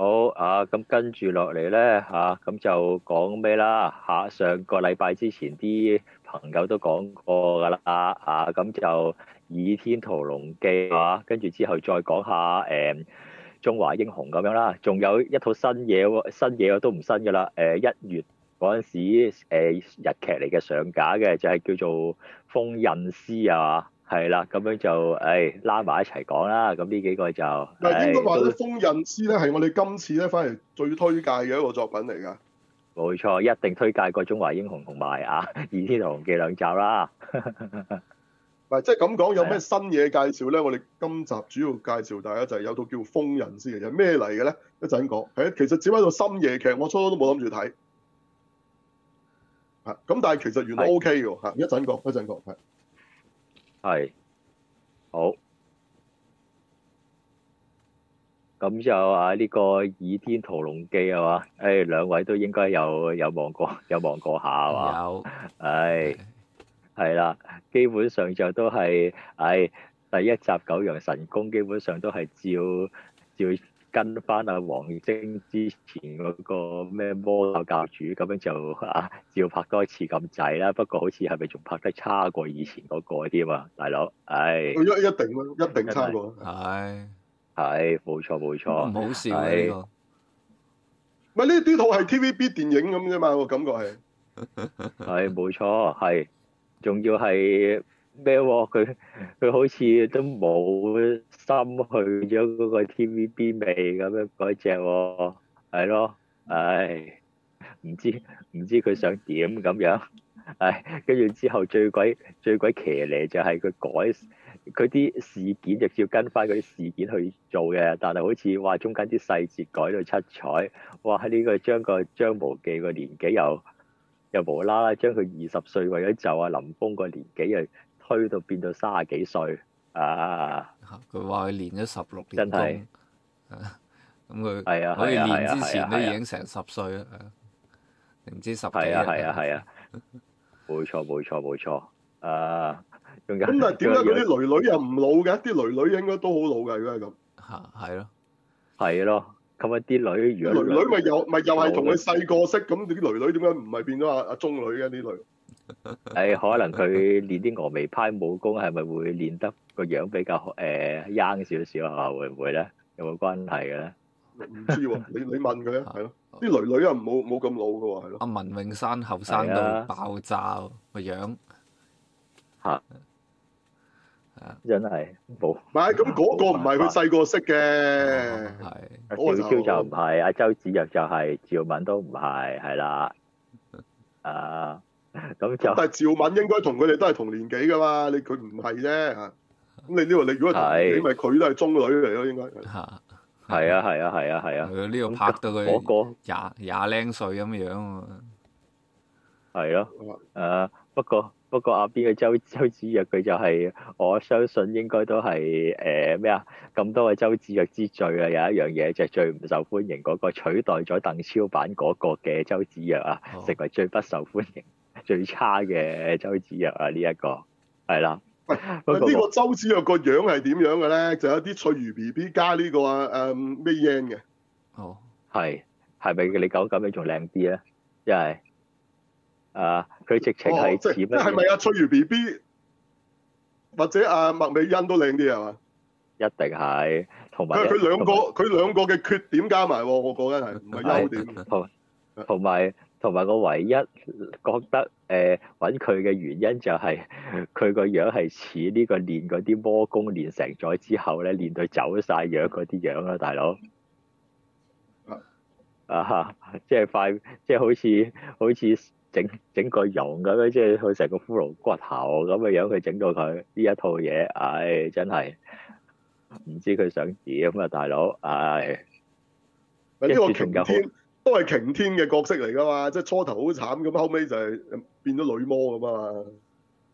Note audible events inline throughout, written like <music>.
好啊，咁跟住落嚟咧嚇，咁、啊、就講咩啦？嚇、啊，上個禮拜之前啲朋友都講過噶啦，啊咁就《倚天屠龍記》啊，跟、啊、住之後再講下誒、嗯《中華英雄》咁樣啦，仲有一套新嘢新嘢我都唔新噶啦，誒、啊、一月嗰陣時日劇嚟嘅上架嘅，就係、是、叫做《封刃師》啊。係啦，咁樣就誒、哎、拉埋一齊講啦。咁呢幾個就，嗱，應該話《封刃師》咧係我哋今次咧反而最推介嘅一個作品嚟噶。冇錯，一定推介過《中華英雄》同埋啊《倚天屠龍記》兩集啦。係，即係咁講，有咩新嘢介紹咧？我哋今集主要介紹大家就係有套叫《封刃師》說，嘅，其實咩嚟嘅咧？一陣講。誒，其實只係套深夜劇，我初初都冇諗住睇吓，咁但係其實原來 OK 嘅吓。一陣講，一陣講，係。係，好，咁就啊呢個倚天屠龍記係嘛，誒，兩位都應該有有望過有望過下係嘛，有，係，係，嗯，啦，基本上就都係，唉，第一集九陽神功基本上都係照照。跟翻阿王晶之前嗰個咩魔教教主咁樣就啊，照拍多次咁滯啦。不過好似係咪仲拍得差過以前嗰個啲啊，大佬？唉，一定一定差過。係係，冇錯冇錯，冇事。唔好笑啊呢個。咪呢啲套係 T V B 電影咁啫嘛，我感覺係。係、哎、冇錯，係仲要係。咩喎、啊？佢佢好似都冇心去咗嗰個 TVB 味咁、啊、樣嗰隻喎，係咯，唉，唔知唔知佢想點咁樣。唉，跟住之後最鬼最鬼騎呢就係佢改佢啲事件，佢就照跟翻嗰啲事件去做嘅，但係好似話中間啲細節改到七彩，哇！呢個將個張無忌個年紀又又無啦啦將佢二十歲為咗就阿林峰個年紀又。又無推到變到三十幾歲啊！佢話佢練咗十六年真係，咁佢係啊，可以練之前都已經成十歲啦，唔知十幾年，係啊，係啊，係啊，冇錯，冇錯，冇錯啊！咁、啊啊啊啊啊 <laughs> 啊、但係點解嗰啲女女又唔老嘅？啲女女應該都好老㗎，如果係咁嚇，係咯，係咯、啊，咁啊啲囡囡女女咪又咪又係同佢細個識，咁啲女女點解唔係變咗阿阿中女嘅呢囡？誒，可能佢練啲峨眉派武功，係咪會練得個樣比較誒 young 少少啊？會唔會咧？有冇關係嘅咧？唔知喎，你你問佢啊，係咯？啲女女啊，冇冇咁老嘅喎，係咯？阿文詠珊後生到爆炸個樣，係啊，真係冇。唔係咁嗰個唔係佢細個識嘅，係阿小昭就唔係，阿周芷若就係，趙敏都唔係，係啦，啊。咁就但係趙敏應該同佢哋都係同年紀噶嘛？你佢唔係啫，咁你呢個你如果你咪佢都係中女嚟咯，應該吓係啊係啊係啊係啊！呢個、啊啊啊啊啊、拍到佢廿廿零歲咁樣、啊，係咯誒，不過不過阿邊嘅周周芷若佢就係、是、我相信應該都係誒咩啊咁多嘅周芷若之最啊，有一樣嘢就係最唔受歡迎嗰、那個取代咗鄧超版嗰個嘅周芷若啊、哦，成為最不受歡迎。最差嘅周子若啊，呢、這、一個係啦。不過呢、這個周子若個樣係點樣嘅咧？就有啲翠如 B B 加呢、這個啊，誒麥美恩嘅。哦。係係咪你講咁你仲靚啲咧？即係啊，佢直情係點咧？即係係咪啊？翠如 B B 或者阿、啊、麥美恩都靚啲係嘛？一定係。同埋。佢佢兩個佢兩個嘅缺點加埋，我講緊係唔係優點。係。同埋。同埋我唯一覺得誒揾佢嘅原因就係佢個樣係似呢個練嗰啲魔功練成咗之後咧，練到走晒樣嗰啲樣啦，大佬。啊！啊即係快，即係好似好似整整個容咁樣，即係佢成個骷髏骨頭咁嘅樣，佢整到佢呢一套嘢，唉，真係唔知佢想點咁啊，大佬，唉，係。都係擎天嘅角色嚟㗎嘛，即係初頭好慘咁，後尾就係變咗女魔咁嘛。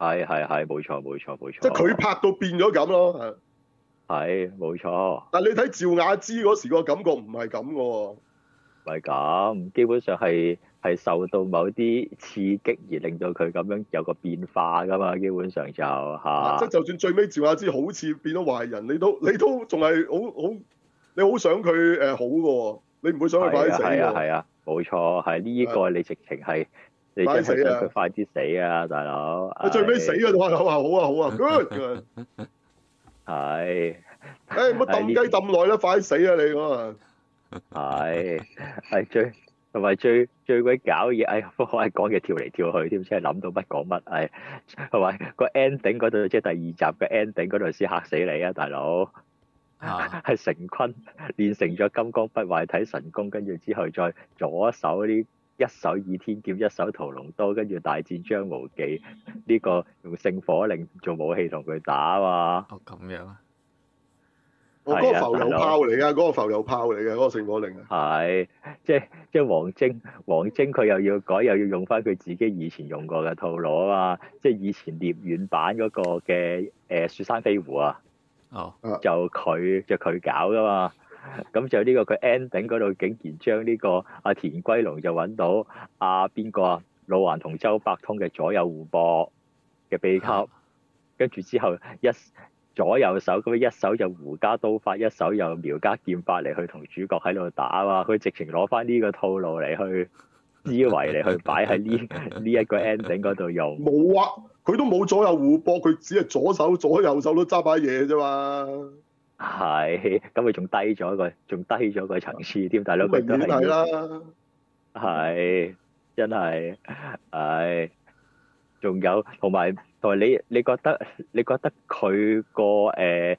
係係係，冇錯冇錯冇錯，即係佢拍到變咗咁咯，係冇錯。但你睇趙雅芝嗰時個感覺唔係咁嘅喎，唔係咁，基本上係係受到某啲刺激而令到佢咁樣有個變化㗎嘛，基本上就嚇。即係就算最尾趙雅芝好似變咗壞人，你都你都仲係好好，你想好想佢誒好嘅喎。你唔會想去快死，係啊係啊，冇錯，係呢個你直情係你叫佢快啲死啊，大佬！你最尾死啊！開口啊好啊好啊！係。誒唔好抌雞抌耐啦，快啲死啊你咁啊！係係最同埋最最鬼搞嘢，哎呀講嘢，跳嚟跳去添，即係諗到乜講乜，係同埋個 ending 嗰度即係第二集嘅 ending 嗰度先嚇死你啊，大佬！係、啊、成昆練成咗金剛不壞體神功，跟住之後再左手呢一手倚天劍，一手屠龍刀，跟住大戰張無忌。呢、這個用聖火令做武器同佢打啊，哦，咁樣啊？係浮游炮嚟噶，嗰個浮游炮嚟嘅，嗰、那個聖、那個、火令係即係即係王晶，王晶佢又要改，又要用翻佢自己以前用過嘅套路啊嘛！即係以前聶遠版嗰個嘅誒、呃、雪山飛狐啊。哦、oh, uh,，就佢就佢搞噶嘛，咁就呢、這個佢 ending 嗰度竟然將呢、這個阿、啊、田歸農就揾到阿、啊、變啊？老環同周伯通嘅左右互搏嘅秘笈，uh-huh. 跟住之後一左右手咁樣一手就胡家刀法，一手又苗家劍法嚟去同主角喺度打嘛，佢直情攞翻呢個套路嚟去思維嚟去擺喺呢呢一個 ending 嗰度用，冇啊。佢都冇左右互搏，佢只係左手、左右手都揸把嘢啫嘛。係，咁佢仲低咗一個，仲低咗一個層次添，大佬。明顯係啦。係，真係係。仲有同埋同埋，你你覺得你覺得佢個誒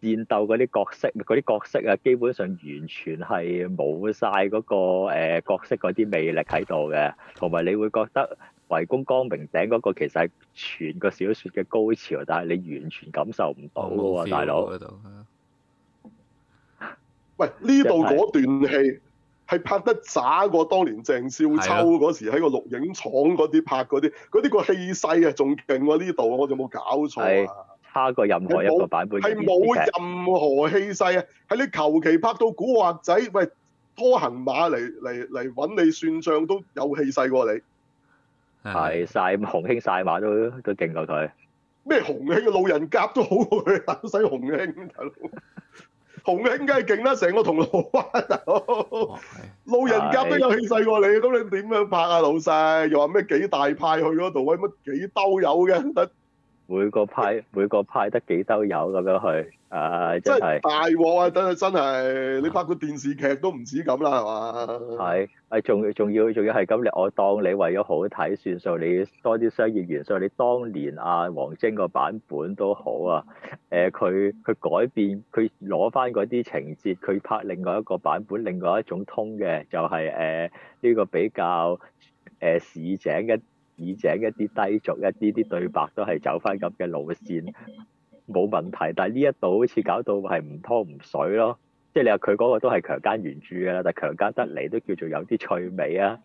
戰鬥嗰啲角色嗰啲角色啊，基本上完全係冇曬嗰個誒角色嗰啲魅力喺度嘅，同埋你會覺得。圍攻光明頂嗰個其實係全個小說嘅高潮，但係你完全感受唔到嘅喎，大佬。喂，呢度嗰段戲係拍得渣過當年鄭少秋嗰時喺個錄影廠嗰啲拍嗰啲，嗰啲個氣勢啊，仲勁喎呢度，我哋有冇搞錯啊？差過任何一個版本的電視劇，係冇任何氣勢啊！係你求其拍到古惑仔，喂拖行馬嚟嚟嚟搵你算賬，都有氣勢過你。係晒洪興晒馬都都勁過佢，咩洪興嘅路人甲都好過佢，使洪興大佬，洪興梗係勁啦，成個銅鑼灣大佬，okay. 路人甲都有氣勢過你，咁 <laughs> 你點樣拍啊老細？又話咩幾大派去嗰度，喂，乜幾兜友嘅。每個派每個派得幾兜油咁樣去，啊，真係大鑊啊！真係真係，你拍個電視劇都唔止咁啦，係嘛？係係，仲要仲要仲要係咁你，我當你為咗好睇算數，你多啲商業元素。你當年阿、啊、王晶個版本都好啊，誒佢佢改變佢攞翻嗰啲情節，佢拍另外一個版本，另外一種通嘅就係誒呢個比較誒、啊、市井嘅。耳井一啲低俗一啲啲，對白都係走翻咁嘅路線冇問題，但係呢一度好似搞到係唔湯唔水咯，即係你話佢嗰個都係強姦原著㗎啦，但係強姦得嚟都叫做有啲趣味啊！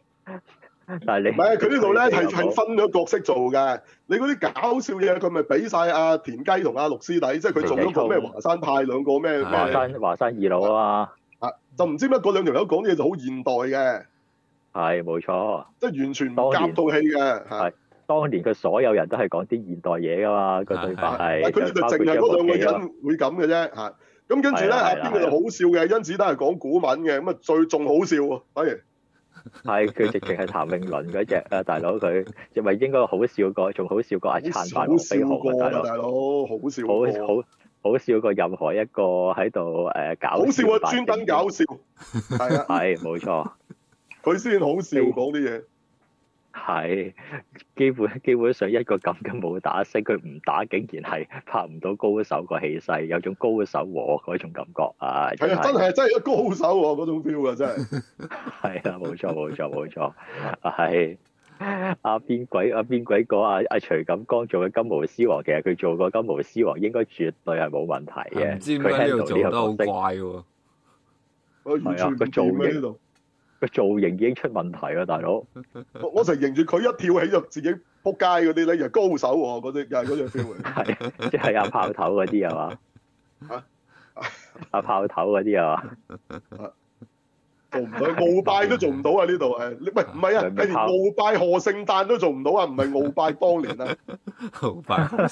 但係你唔係佢呢度咧，係係分咗角色做嘅，你嗰啲搞笑嘢佢咪俾晒阿田雞同阿陸師弟，即係佢做咗個咩華山派兩個咩咩華山華山二老啊！啊，就唔知乜嗰兩條友講嘢就好現代嘅。係冇錯，即係完全唔夾套戲嘅。係當年佢所有人都係講啲現代嘢噶嘛個對白係，佢就淨係嗰兩個人會咁嘅啫。吓，咁跟住咧，啊邊個就好笑嘅？因此都係講古文嘅，咁啊最仲好笑，反而係佢直情係譚詠麟嗰隻啊，大佬佢，因咪應該好笑過，仲好笑過阿陳大大佬，好笑，好好好笑過任何一個喺度誒搞笑，笑啊，專登搞笑，係啊，係冇錯。佢先好笑講啲嘢，係基本基本上一個咁嘅武打星，佢唔打竟然係拍唔到高手個氣勢，有種高手和嗰種感覺啊、就係！真係真係高手嗰種 feel 啊，真係係啊，冇錯冇錯冇錯，係阿邊鬼阿邊鬼講啊，阿徐錦江做嘅金毛獅王，其實佢做過金毛獅王應該絕對係冇問題嘅。唔知點解呢度做得好怪喎，係啊個造型。個造型已經出問題啦，大佬！我成認住佢一跳起就自己仆街嗰啲咧，又高手喎嗰隻，又係嗰隻 feel 嚟係即係阿炮頭嗰啲係嘛？阿、 <laughs> <laughs> 啊、炮頭嗰啲係嘛？ <laughs> 做唔到，鰲拜都做唔到啊！呢度誒，你唔係唔係啊？阿鰲拜何聖誕都做唔到啊？唔係鰲拜當年啊？鰲 <laughs> 拜何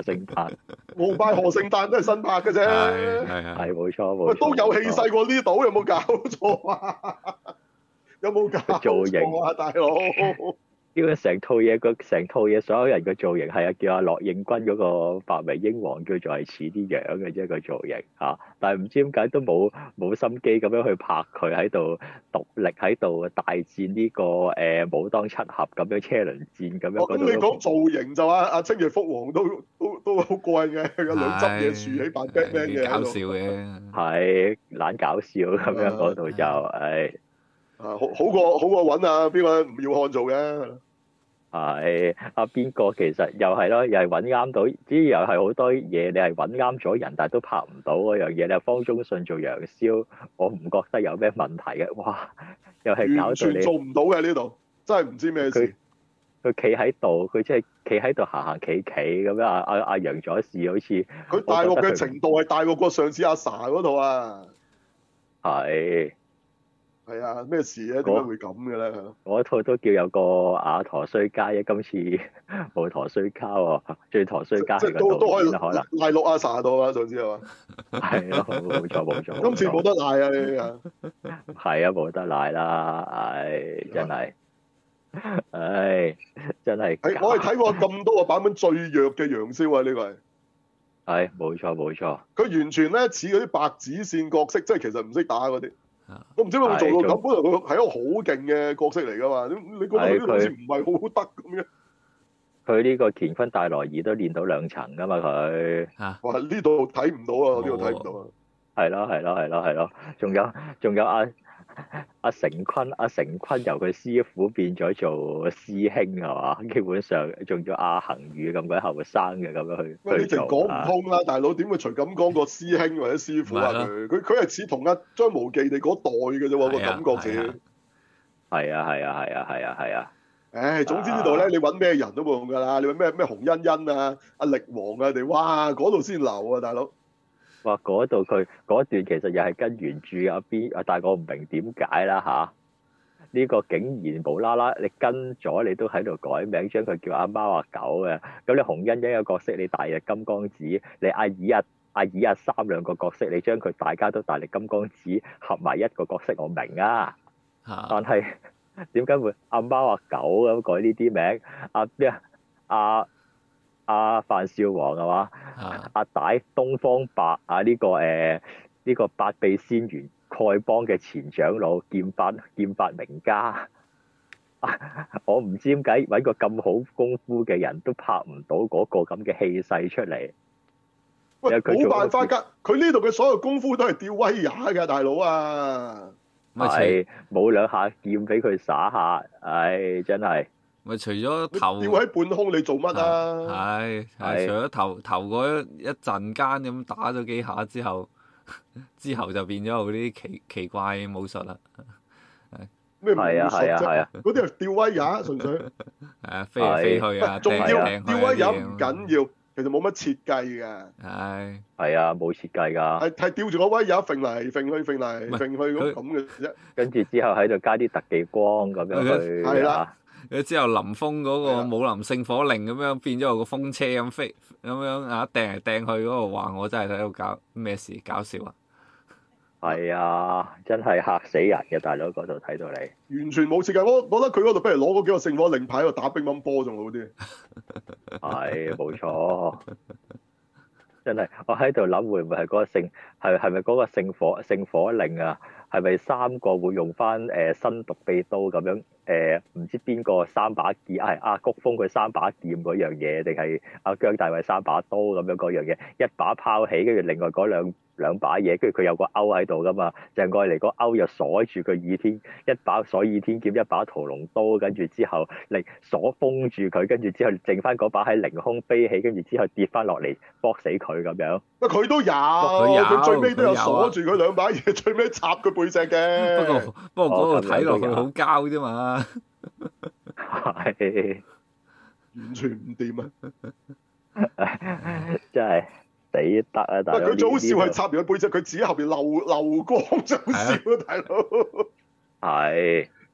聖誕？ <laughs> 膜拜何聖誕都係新拍嘅啫、 <laughs> 哎，係係冇錯冇錯，都有氣勢過呢度， <laughs> 有冇搞錯啊？有冇搞錯啊，造型大佬？叫個成套嘢，個成套嘢所有人個造型係啊，叫阿駱應鈞嗰個白眉鷹王，叫做係似啲樣嘅啫個造型嚇，但係唔知點解都冇冇心機咁樣去拍佢，喺度獨力喺度大戰呢個誒武當七俠咁樣車輪戰咁樣。哦，覺得你講造型就是、啊，阿青翼蝠王都都都好怪嘅，有兩執嘢豎起扮 band band 嘅。搞笑嘅，係懶搞笑咁樣講到就唉。好好過好過揾啊！邊個唔要看做嘅、啊？係阿邊個其實又係咯，又係揾啱到，只係又係好多嘢，你係揾啱咗人，但係都拍唔到嗰樣嘢。你係方中信做楊逍，我唔覺得有咩問題嘅。哇，又係搞到做唔到嘅呢度，真係唔知咩事。佢企喺度，佢即係企喺度行行企企咁樣啊！阿、啊、阿楊左使好似佢大鑊嘅程度係大鑊過上次阿 Sa 嗰度啊！係。係啊，咩事咧？點解會咁嘅咧？嗰套都叫有個阿陀衰家嘅，今次冇陀衰家、啊，最陀衰家係都可都可以可能賴六阿沙到啊，總之係嘛？係啊，冇錯冇錯。今次冇得賴啊！呢 <laughs> 係啊，冇得賴啦，唉、哎，真係，唉、啊哎，真係。我係睇過咁多個版本最弱嘅楊逍啊！呢、這個係，係冇錯冇錯。佢完全咧似嗰啲白紙扇角色，即係其實唔識打嗰啲。我唔知佢做到咁，本來佢係一個好勁嘅角色嚟噶嘛？你覺得好似唔係好得咁樣？佢呢個乾坤大挪移都練到兩層噶嘛？佢嚇哇！呢度睇唔到啊！呢度睇唔到啊！係咯係咯係咯係咯！仲有仲有阿。阿、啊、成坤，阿、啊、成坤由佢師傅變咗做師兄係嘛？基本上仲叫阿恒宇咁鬼後生嘅咁樣去，喂，你直講唔通啦、啊，大佬點會隨咁講個師兄或者師傅啊？佢佢係似同阿張無忌地嗰代嘅啫喎，個、啊、感覺啫。係啊係啊係啊係啊係啊！唉、啊啊啊啊啊啊哎，總之呢度咧，你搵咩人都冇用噶啦！你搵咩咩洪欣欣啊、阿力王啊、地蛙嗰度先流啊，大佬。哇！嗰度佢嗰段其實又係跟原著阿 B，但係我唔明點解啦嚇。呢、啊呢個竟然無啦啦，你跟咗你都喺度改名，將佢叫阿貓阿狗嘅。咁你熊欣欣嘅角色你大隻金剛子，你阿二、啊阿二、啊三兩個角色，你將佢大家都大力金剛子合埋一個角色，我明白啊，啊。但係點解會阿貓阿狗咁改呢啲名阿。咩啊！啊啊阿、啊、范少王係嘛？阿、啊啊、大、東方白啊！呢、這個誒呢、啊這個八臂仙猿丐幫嘅前長老，劍法劍法名家。啊、我唔知點解揾個咁好功夫嘅人都拍唔到嗰個咁嘅氣勢出嚟。冇辦法㗎，佢呢度嘅所有功夫都係吊威也㗎，大佬啊！係冇、哎、兩下劍俾佢耍下，唉、哎，真係～咪除咗頭，吊喺半空，你做乜啊？係係除咗頭頭嗰一陣間咁打咗幾下之後，之後就變咗嗰啲奇奇怪武術啦。咩武術啫？係啊係啊係啊！嗰啲係吊威也，純粹係啊，飛嚟飛去啊，仲要、啊啊，吊威也唔緊要，其實冇乜設計噶。唉，係啊，冇設計噶。係係吊住個威也，揈嚟揈去，揈嚟揈去咁咁嘅啫。跟住之後喺度加啲特技光咁樣去啊。之後林峯嗰個武林聖火令咁樣變咗個風車咁飛，咁樣啊掟嚟掟去嗰度，話我真係喺度搞咩事，搞笑啊！係啊，真係嚇死人嘅大佬，嗰度睇到你完全冇時間，我覺得佢嗰度不如攞嗰幾個聖火令牌喺度打乒乓波仲好啲。係 <laughs> 冇、哎、錯。真係，我喺度諗會唔會係嗰個聖係咪嗰個聖火聖火令啊？係咪三個會用翻新獨臂刀咁樣誒？唔知邊個三把劍阿、啊啊、谷峰佢三把劍嗰樣嘢，定係阿姜大衛三把刀咁樣嗰樣嘢，一把拋起跟住另外嗰兩。兩把嘢，跟住佢有個勾喺度噶嘛，鄭過嚟個勾，又鎖住佢倚天，一把鎖倚天劍，一把屠龍刀，跟住之後，嚟鎖封住佢，跟住之後，剩翻嗰把喺凌空飛起，跟住之後跌翻落嚟，搏死佢咁樣。不過佢都有，佢最尾都有鎖住佢兩把嘢，啊，最尾插佢背脊嘅。不過不過，不過個睇落去好膠啫嘛，係完全唔掂啊！ <laughs> <laughs> <laughs> <laughs> <laughs> <laughs> 真係。抵得啊，但佢早笑係插住個背脊。後，佢指後邊流流光就笑啊，哎、大佬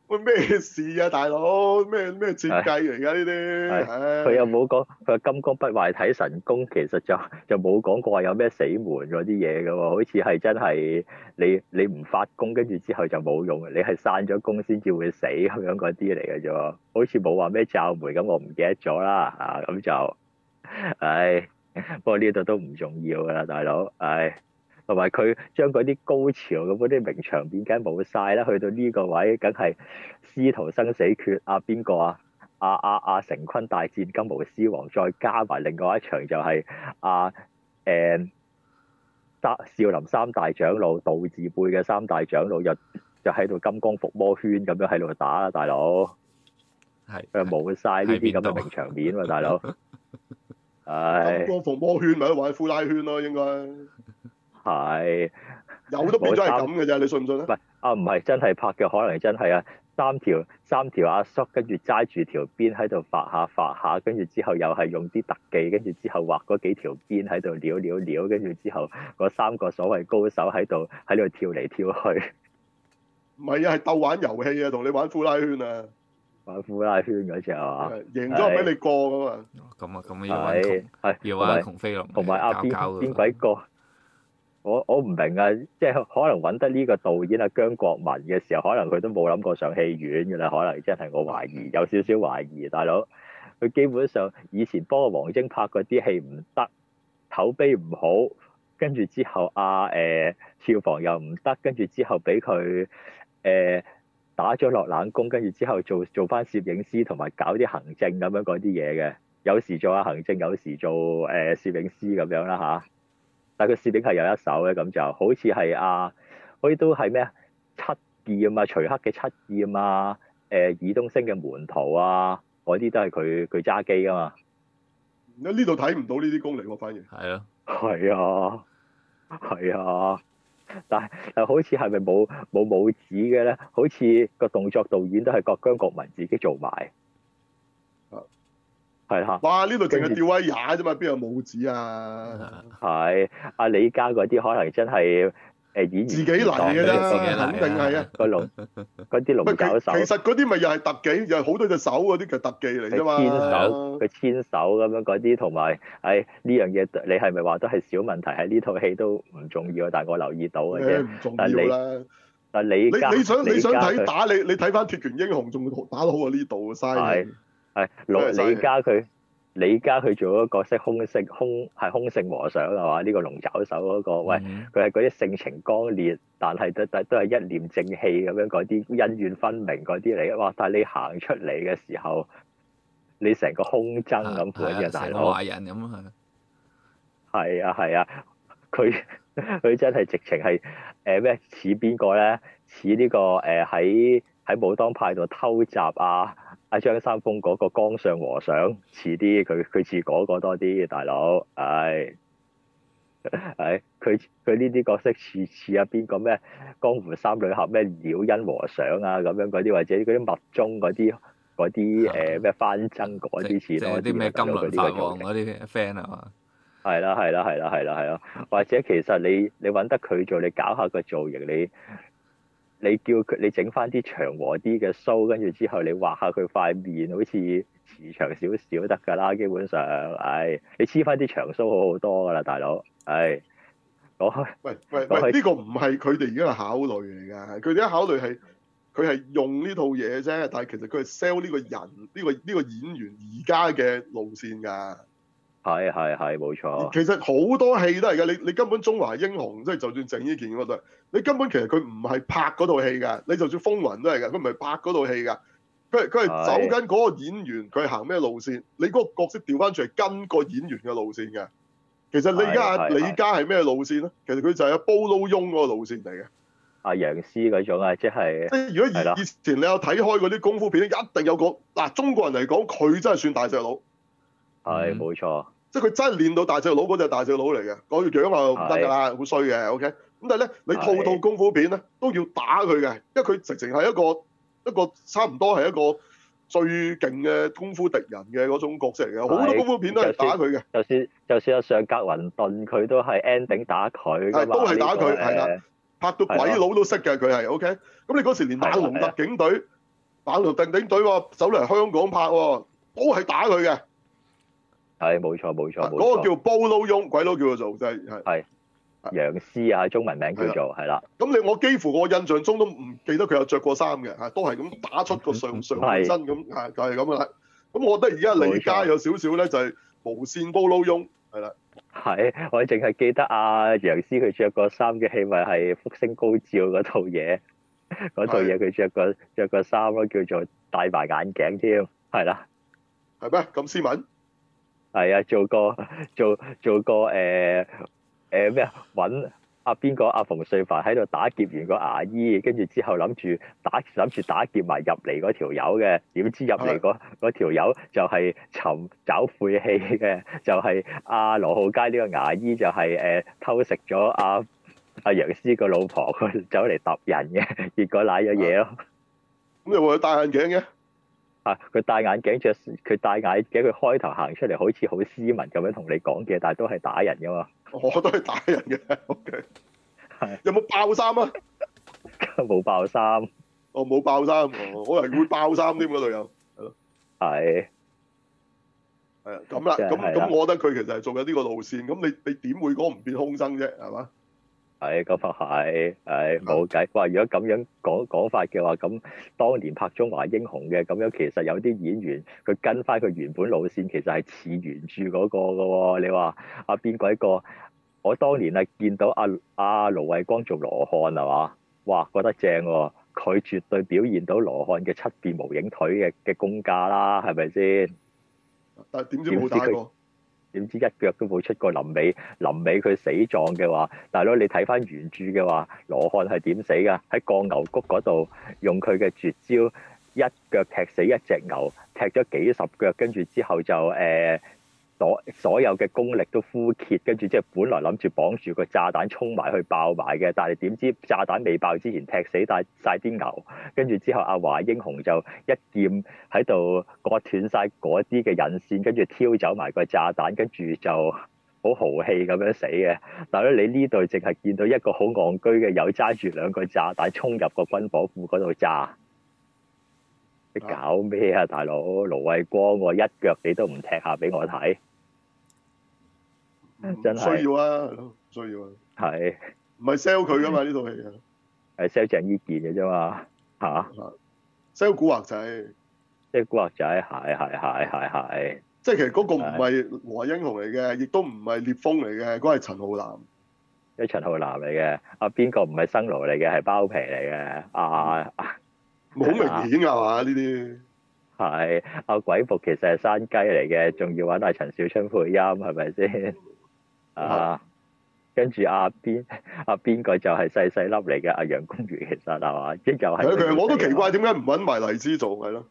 係咩事啊，大佬咩咩設計嚟㗎呢啲？佢、哎哎、又冇講，佢話金剛不壞體神功其實就就冇講過話有咩死門嗰啲嘢㗎喎，好似係真係你你唔發功跟住之後就冇用，你係散咗功先至會死咁樣嗰啲嚟㗎啫喎，好似冇話咩罩門咁，我唔記得咗啦啊咁就唉。哎不過呢度都唔重要噶啦，大佬。唉、哎，同埋佢將嗰啲高潮咁嗰啲名場面梗冇晒啦。去到呢個位，梗係師徒生死決啊！邊個啊？啊啊啊！成昆大戰金毛獅王，再加埋另外一場就係、是、啊誒三、欸、少林三大長老，道字輩嘅三大長老，又就喺度金剛伏魔圈咁樣喺度打，大佬係佢冇晒呢啲咁嘅名場面喎，大佬。 <laughs> 係個縫波圈咪去玩呼啦圈咯應該係有都變都係咁嘅啫，你信唔信咧？唔係啊，唔係真係拍嘅，可能真係啊。三條三條阿叔跟住揸住條鞭喺度發下發下，跟住之後又係用啲特技，跟住之後畫嗰幾條鞭喺度撩撩撩，跟住之後嗰三個所謂高手喺度喺度跳嚟跳去。唔係啊，係鬥玩遊戲啊，同你玩呼啦圈啊。玩呼啦圈時候啊！贏咗俾你過噶嘛？咁啊，咁要玩，要玩窮飛龍，同埋阿邊邊鬼過？我我唔明啊，即係可能揾得呢個導演阿姜國民嘅時候，可能佢都冇諗過上戲院噶啦。可能真係我懷疑，有少少懷疑，大佬佢基本上以前幫阿王晶拍嗰啲戲唔得，口碑唔好，跟住之後阿誒票房又唔得，跟住之後俾佢誒、呃打咗落冷宮，跟住之後做做翻攝影師同埋搞啲行政咁樣嗰啲嘢嘅，有時做下行政，有時做誒、呃、攝影師咁樣啦嚇、啊。但係佢攝影係有一手咧，咁就好似係啊，好似都係咩啊？七劍啊，徐克嘅七劍啊，誒爾冬升嘅門徒啊，嗰啲都係佢佢揸機噶嘛。咁呢度睇唔到呢啲功力喎，反而。係啊。係啊。係啊。但係，好似係咪冇冇武指嘅咧？好似個動作導演都係郭姜各國民自己做埋。哦、啊，係啦。哇！呢度淨係吊威也啫嘛，邊有武指啊？係阿李家嗰啲可能真係。自己嚟嘅啦，自己肯定係啊？個龍嗰啲龍搞手，其實嗰啲咪又係特技，又係好多隻手嗰啲叫特技嚟啫嘛。佢牽手佢牽手咁樣嗰啲，同埋誒呢樣嘢，你係咪話都係小問題？喺呢套戲都唔重要嘅，但係我留意到嘅啫、欸，唔重要啦。但係你，但係你加，你你想你想睇打你，你睇翻《鐵拳英雄》仲打得好過呢度嘅，嘥係係攞你加佢。你而家去做一個角色，空性空係空性和尚啊嘛？呢、這個龍爪手嗰、那個，喂佢係嗰啲性情剛烈，但係都都都係一念正氣咁樣嗰啲恩怨分明嗰啲嚟嘅。哇！但係你行出嚟嘅時候，你成個空憎咁嘅，大佬、啊啊、壞人咁啊！係啊係啊，佢佢、啊、真係直情係誒咩？似、呃、邊、個咧？似呢個誒喺～在喺武當派度偷襲啊！阿張三豐嗰個江上和尚，遲啲佢佢似嗰個多啲，大佬，唉，係佢佢呢啲角色似似啊邊個咩？江湖三女俠咩？鳥恩和尚啊咁樣嗰啲，或者嗰啲密宗嗰啲嗰啲誒咩番僧嗰啲似多啲，嗰啲咩金輪法王嗰啲 friend 啊嘛，係啦係啦係啦係啦係咯， <laughs> <laughs> 或者其實你你揾得佢做，你搞下個造型你。你叫佢你整翻啲長和啲嘅須，跟住之後你畫下佢塊面，好似慈祥少少得㗎啦。基本上，唉、哎，你黐翻啲長須好好多㗎啦，大佬。係、哎，我喂喂喂，呢、這個唔係佢哋而家嘅考慮嚟㗎。佢哋考慮係佢係用呢套嘢啫，但係其實佢係 sell 呢個人呢、這個呢、這個演員而家嘅路線㗎。係係係，冇錯。其實好多戲都係㗎，你你根本《中華英雄》即係就算鄭伊健嗰隊嘅都係。你根本其實佢唔係拍嗰套戲㗎，你就算《風雲》都係㗎，佢唔係拍嗰套戲㗎。佢係佢係走緊嗰個演員，佢係行咩路線？你嗰個角色調翻出嚟，跟個演員嘅路線㗎。其實你而家你而家係咩路線咧？其實佢就係阿波魯翁嗰個路線嚟嘅。阿楊斯嗰種啊，即係。即係如果以前你有睇開嗰啲功夫片一定有講嗱，中國人嚟講，佢真係算大隻佬。係，嗯，冇錯。即係佢真係練到大隻佬嗰陣，嗰隻大隻佬嚟嘅，個樣又唔得㗎啦，好衰嘅，OK。咁但係咧，你一套一套功夫片咧都要打佢嘅，因為佢直情係一個一個差唔多係一個最勁嘅功夫敵人嘅嗰種角色嚟嘅，好多功夫片都係打佢嘅。就算就算有尚格雲頓，佢都係 ending 打佢都係打佢，係、這、啦、個，拍到鬼佬都識嘅佢係 OK。咁你嗰時連猛龍特警，警隊、猛龍特警隊喎，走嚟香港拍喎，都係打佢嘅。係，冇錯冇錯冇錯，嗰、啊嗰個叫波魯翁，鬼佬叫佢做就係係楊思啊，中文名叫做係啦。咁你我幾乎我印象中都唔記得佢有着過衫嘅嚇，都係咁打出個上上身咁嚇，就係咁啦。咁我覺得而家李家有少少咧就係無線波魯翁。係啦。係我淨係記得阿、啊、楊思佢着過衫嘅戲，咪係《福星高照》嗰套嘢，嗰套嘢佢着個著個衫咯，叫做戴埋眼鏡添係啦。係咩咁斯文？係啊，做過做做過誒誒咩啊？揾阿邊個阿馮瑞凡喺度打劫完個牙醫，跟住之後諗住打諗住打，打，打劫埋入嚟嗰條友嘅，點知入嚟、那個嗰條友就係尋找晦氣嘅，就係、是、阿、啊、羅浩佳呢個牙醫就係、是、誒、呃、偷食咗阿阿楊思個老婆，走嚟揼人嘅，結果賴咗嘢咯、啊。咁你會去戴眼鏡嘅。佢戴眼鏡著，佢戴眼鏡，佢開頭行出嚟好似好斯文咁樣同你講嘅，但係都係打人㗎嘛。我、哦、都係打人嘅，O K。有冇爆衫啊？冇 <laughs> 爆衫、哦 <laughs> 哦，我冇爆衫，我以為會爆衫添，嗰度有。係係啊，咁啦，咁咁，就是、是的我覺得佢其實係做有呢個路線。咁你你點會講唔變空生啫？係嘛？係咁又係，係冇計。哇！如果咁樣講講法嘅話，咁當年拍《中華英雄》嘅咁樣，其實有啲演員佢跟翻佢原本路線，其實係似原著嗰個噶喎。你話阿邊鬼個？我當年啊見到阿阿盧慧光做羅漢係嘛，哇，覺得正喎。佢絕對表現到羅漢嘅七變無影腿嘅嘅功架啦，係咪先？但點知點知一腳都冇出過臨尾，臨尾佢死狀嘅話，大佬你睇翻原著嘅話，羅漢係點死㗎？喺降牛谷嗰度用佢嘅絕招一腳踢死一隻牛，踢咗幾十腳，跟住之後就誒。欸所所有嘅功力都枯竭，跟住即係本來諗住綁住個炸彈衝埋去爆埋嘅，但係點知炸彈未爆之前踢死曬曬啲牛，跟住之後阿華英雄就一劍喺度割斷晒嗰啲嘅引線，跟住挑走埋個炸彈，跟住就好豪氣咁樣死嘅。但係咧，你呢度淨係見到一個好戇居嘅，有揸住兩個炸彈衝入個軍火庫嗰度炸，你搞咩啊，大佬？盧惠光，哦，我一腳你都唔踢下俾我睇。真係需要啊，需要啊，係唔係 sell 佢㗎嘛？呢套戲係 sell 鄭伊健嘅啫嘛嚇，sell 古惑仔，即係古惑仔係係係係係，即係其實嗰個唔係《華英雄》嚟嘅，亦都唔係《聶風》嚟嘅，嗰係陳浩南，係陳浩南嚟嘅。啊邊個唔係生爐嚟嘅，係包皮嚟嘅。啊，好、啊、明顯㗎嘛？呢啲係阿鬼仆其實係山雞嚟嘅，仲要玩大陳小春配音係咪先？是啊，跟住阿邊阿邊個就係細細粒嚟嘅阿楊恭如，其實係嘛，即係係。其實我都奇怪，點解唔揾埋黎姿做？係咯，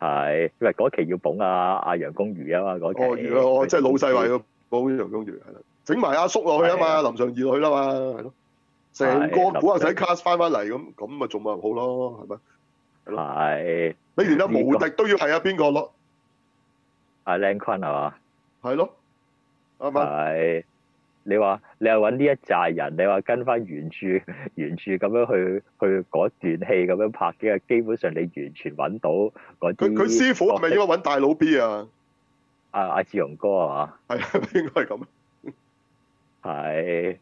係因為，嗰期要捧阿阿楊恭如啊嘛，嗰期哦，即係老細話要捧楊恭如，係整埋阿叔落去啊嘛，林去嘛，林尚義落去啦嘛，係咯，成個古惑仔 cast 翻翻嚟咁，咁咪仲咪好咯，係咪？係你連阿無敵都要係阿邊個咯？阿、啊、靚坤係嘛？係咯。係，你話你又搵呢一紮人，你話跟翻原著原著咁樣去去嗰段戲咁樣拍嘅，基本上你完全搵到嗰啲。佢佢師傅係咪應該搵大佬 B 啊？啊，阿志雄哥啊嘛。係應該係咁。係。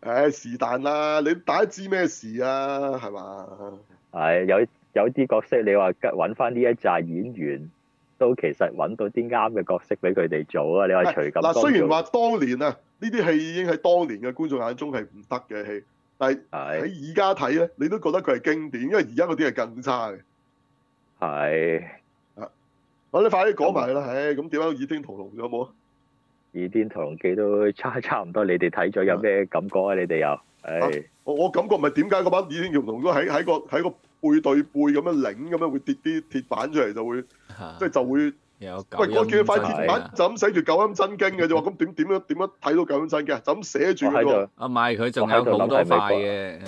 誒，是但啦， <laughs> 哎，你大家知咩事啊？係嘛。係有有啲角色你話搵翻呢一紮演員。都其實揾到啲啱嘅角色俾佢哋做啊！你話除咁，嗱，雖然話當年啊，呢啲戲已經喺當年嘅觀眾眼中係唔得嘅戲，但係喺而家睇咧，你都覺得佢係經典，因為而家嗰啲係更差嘅。係啊，我哋快啲講埋佢啦，係咁點解哎、《倚天屠龍》有冇？《倚天屠龍記》都差差唔多，你哋睇咗有咩感覺啊？你哋又係我我感覺唔係點解嗰班《倚天屠龍》都喺喺個喺個。背對背咁樣擰咁樣會跌啲鐵板出嚟就會，即係就會。有咁樣。喂，我見塊鐵板就咁寫住《九陰真經》嘅啫喎，咁點點樣點樣睇到《九陰真經》？就咁寫住喺度。啊，唔係佢仲有好多塊嘅。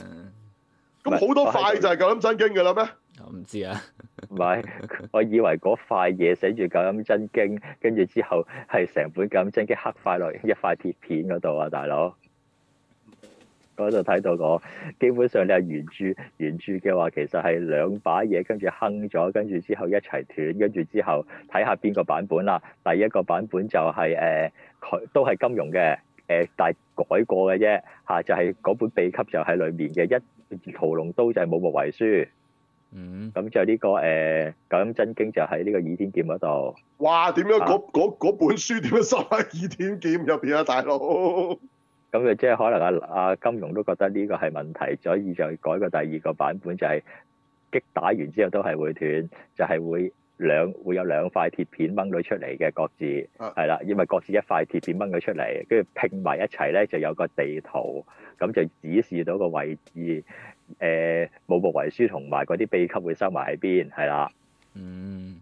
咁好多塊就係《九陰真經》㗎喇咩？我唔知啊。唔係，我以為嗰塊嘢寫住《九陰真經》，跟住之後係成本《九陰真經》刻翻落一塊鐵片嗰度啊，大佬。我就睇到我基本上你係原著，原著嘅話其實係兩把嘢跟住亨咗，跟住之後一齊斷，跟住之後睇下邊個版本啦。第一個版本就係誒佢都係金庸嘅，誒、呃、但改過嘅啫嚇，就係、是、嗰本秘笈就喺裏面嘅一屠龍刀就係武穆遺書，嗯，咁就呢、這個誒、呃、九陰真經就喺呢個倚天劍嗰度。哇！點樣嗰本書點樣收喺倚天劍入邊啊，大佬？咁啊，即係可能阿阿金庸都覺得呢個係問題，所以就改個第二個版本，就係、是、擊打完之後都係會斷，就係會兩會有兩塊鐵片掹佢出嚟嘅，各自係啦、啊，因為各自一塊鐵片掹佢出嚟，跟住拼埋一齊咧，就有個地圖，咁就指示到個位置。誒、呃，武穆遺書同埋嗰啲秘笈會收埋喺邊，係啦。嗯。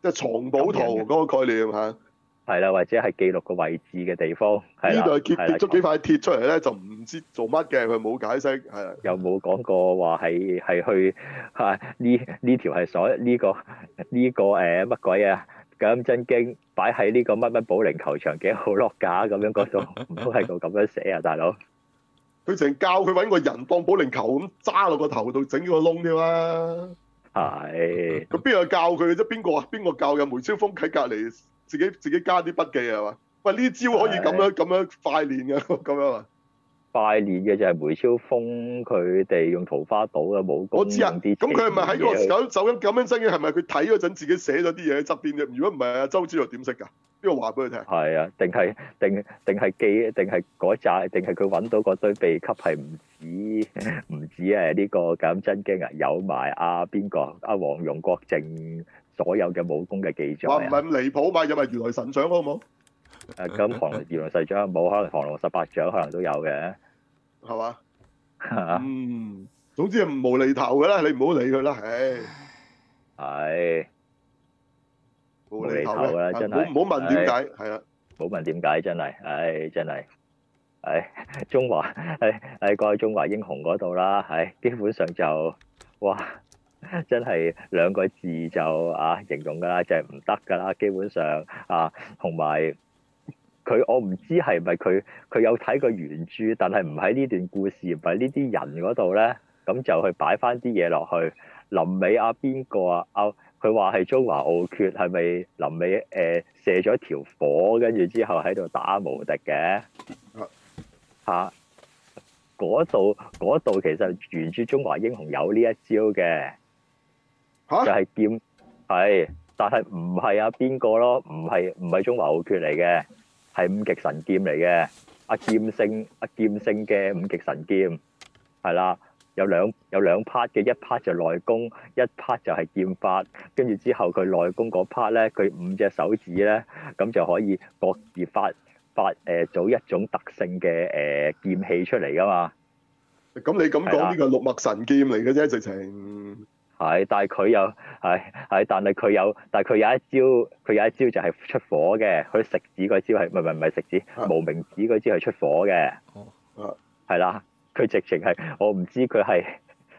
即係藏寶圖嗰個概念嚇。嗯嗯嗯係啦，或者係記錄個位置嘅地方。呢度揭揭咗幾塊的鐵出嚟咧，就唔知做乜嘅，佢冇解釋。係又冇講過話係係去啊呢呢條係所呢個呢、呢個誒乜、欸、鬼啊《九陰真經》擺喺呢個乜乜保齡球場幾號落架咁樣嗰度都喺度咁樣寫啊，大佬。佢成教佢揾個人當保齡球咁揸落個頭度整個窿啫嘛。係。咁邊有教佢嘅啫？邊個啊？邊個教有梅超風喺隔離。自己自己加啲筆記係嘛？喂，呢招可以咁樣咁樣快練嘅咁樣啊！快練嘅就係梅超風佢哋用桃花島嘅武功。我知啊，咁佢係咪喺嗰個時咁手陰減真經係咪？佢睇嗰陣自己寫咗啲嘢喺側邊啫。如果唔係，阿周芷若點識㗎？邊個話俾佢聽？係啊，定係定定係記定係嗰紮定係佢揾到嗰堆秘笈係唔止唔止誒呢個九陰真經啊，有埋阿邊個阿黃蓉郭靖。啊。所有嘅武功嘅記載，唔係咁離譜嘛？又咪如來神掌好唔好？誒，咁降龍如來神掌冇可能，降龍十八掌可能都有嘅，係嘛？嗯，總之係唔無厘頭嘅啦，你唔好理佢啦，唉，係無厘頭啦，真係，唔好問點解，係啦，唔好問點解真係，唉，真係，唉，中華，係係過去中華英雄嗰度啦，係基本上就哇～真係兩個字就啊形容噶啦，就係唔得噶啦，基本上啊，同埋佢我唔知係咪佢佢有睇過原著，但係唔喺呢段故事唔喺呢啲人嗰度咧，咁就去擺翻啲嘢落去。臨尾啊，邊個啊？佢話係中華傲絕，係咪臨尾誒、呃、射咗條火，跟住之後喺度打無敵嘅？吓、啊，嗰度嗰度其實原著中華英雄有呢一招嘅。啊、就係劍係，但係唔係阿邊個咯，唔係唔係中華傲決嚟嘅，係五極神劍嚟嘅。阿劍聖阿劍聖嘅五極神劍係啦，有兩有兩 part 嘅，一 part 就內功，一 part 就係劍法。跟住之後佢內功嗰 part 咧，佢五隻手指咧，咁就可以各自發發誒，組一種特性嘅誒劍氣出嚟噶嘛。咁你咁講呢個六脈神劍嚟嘅啫，直情。係，但係佢有係係、哎，但係佢有，但係佢有一招，佢有一招就係出火嘅。佢食指嗰招係，唔係唔係食指，無名指嗰招係出火嘅。哦、啊，係啦，佢直情係，我唔知佢係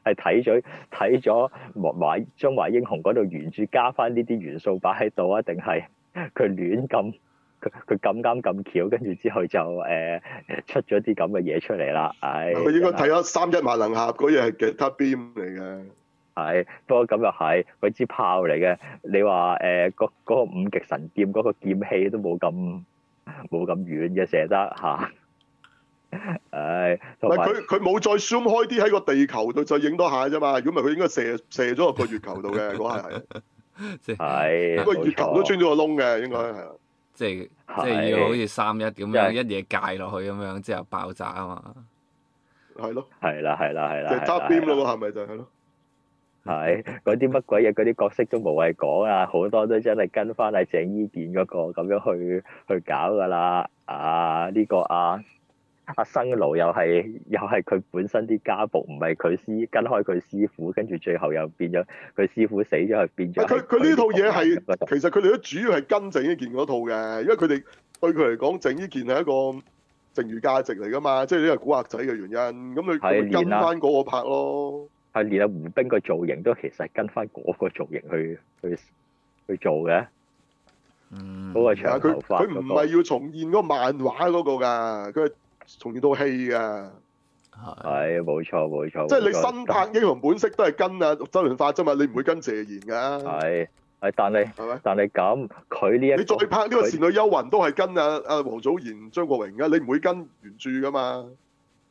係睇咗睇咗《中華英雄》嗰度，原著加翻呢啲元素擺喺度啊，定係佢亂咁佢佢咁啱咁巧，跟住之後就誒、呃、出咗啲咁嘅嘢出嚟啦。佢、哎、應該睇咗《三一萬能俠》嗰樣係 get beam 嚟嘅。係，不過咁又係，佢支炮嚟嘅。你話誒，嗰、呃、嗰、那個那個五極神劍嗰個劍氣都冇咁冇咁遠嘅，射得吓？唉、啊，佢佢冇再 zoom 開啲喺個地球度再影多下啫嘛。如果唔係，佢應該射射咗落個月球度嘅，嗰下係。係，個月球都穿咗個窿嘅，應該係。即係即係要好似三一咁樣一嘢界落去咁樣之後爆炸啊嘛。係咯。係啦係啦係啦。就差啲咯，係咪就係咯？係嗰啲乜鬼嘢？嗰啲角色都無謂講啊！好多都真係跟翻阿鄭伊健嗰個咁樣去去搞噶啦啊！呢個阿、啊、阿生奴又係又係佢本身啲家暴，唔係佢師跟開佢師傅，跟住最後又變咗佢師傅死咗，變咗。佢佢呢套嘢係其實佢哋都主要係跟鄭伊健嗰套嘅，因為佢哋對佢嚟講，鄭伊健係一個剩餘價值嚟噶嘛，即係呢個古惑仔嘅原因，咁佢跟翻嗰個拍咯。係連阿胡冰個造型都其實跟翻嗰個造型去去去做嘅。嗯，嗰個長頭髮。佢唔係要重現嗰個漫畫嗰個噶，佢係重現到戲噶，係，冇錯冇錯。即係、就是、你新拍《英雄本色》都係跟啊周潤發啫嘛，你唔會跟謝賢噶，係係，但係係但係咁，佢呢一，你再拍呢個《倩女幽魂》都係跟啊阿王祖賢、張國榮噶，你唔會跟原著噶嘛？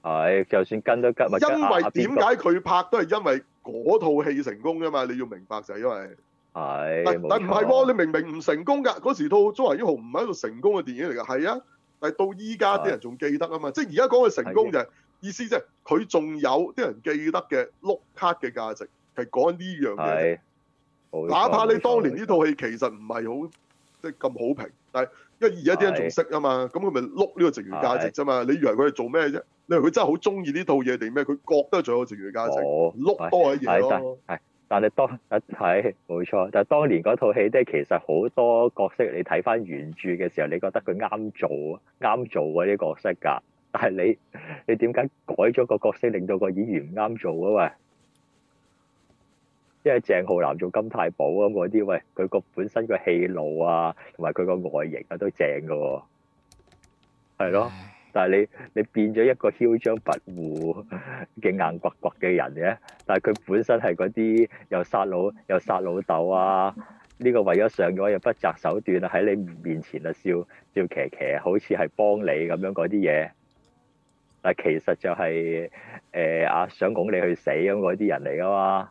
係，就算跟都跟，咪跟因為點解佢拍都係因為嗰套戲成功㗎嘛？你要明白就係因為但唔係。係。唔係唔係喎，你明明唔成功噶，嗰時一套《中華英雄》唔係一個成功嘅電影嚟噶。係啊，但係到依家啲人仲記得啊嘛。是啊即係而家講佢成功就係意思即、就、啫、是，佢仲、啊、有啲人記得嘅碌卡嘅價值係講呢樣嘢。哪怕你當年呢套戲其實唔係好，即係咁好評，但係。因為而家啲人仲識啊嘛，咁佢咪碌呢個剩餘價值啫嘛？你以為佢係做咩啫？你以為佢真係好中意呢套嘢定咩？佢覺得最好剩餘價值，碌、哦、多嘢咯。係，但係當一睇冇錯，但係當年嗰套戲即係其實好多角色，你睇翻原著嘅時候，你覺得佢啱做，啱做啊啲角色㗎。但係你你點解改咗個角色，令到個演員唔啱做啊？喂！因為鄭浩南做金太保啊，嗰啲，喂佢個本身個戲路啊，同埋佢個外形啊都正噶喎，係咯。但係你你變咗一個囂張跋扈嘅硬倔倔嘅人嘅，但係佢本身係嗰啲又殺老又殺老豆啊，呢個為咗上咗又不擇手段啊，喺你面前啊笑笑騎騎，好似係幫你咁樣嗰啲嘢。但係其實就係誒啊，想拱你去死咁嗰啲人嚟噶嘛。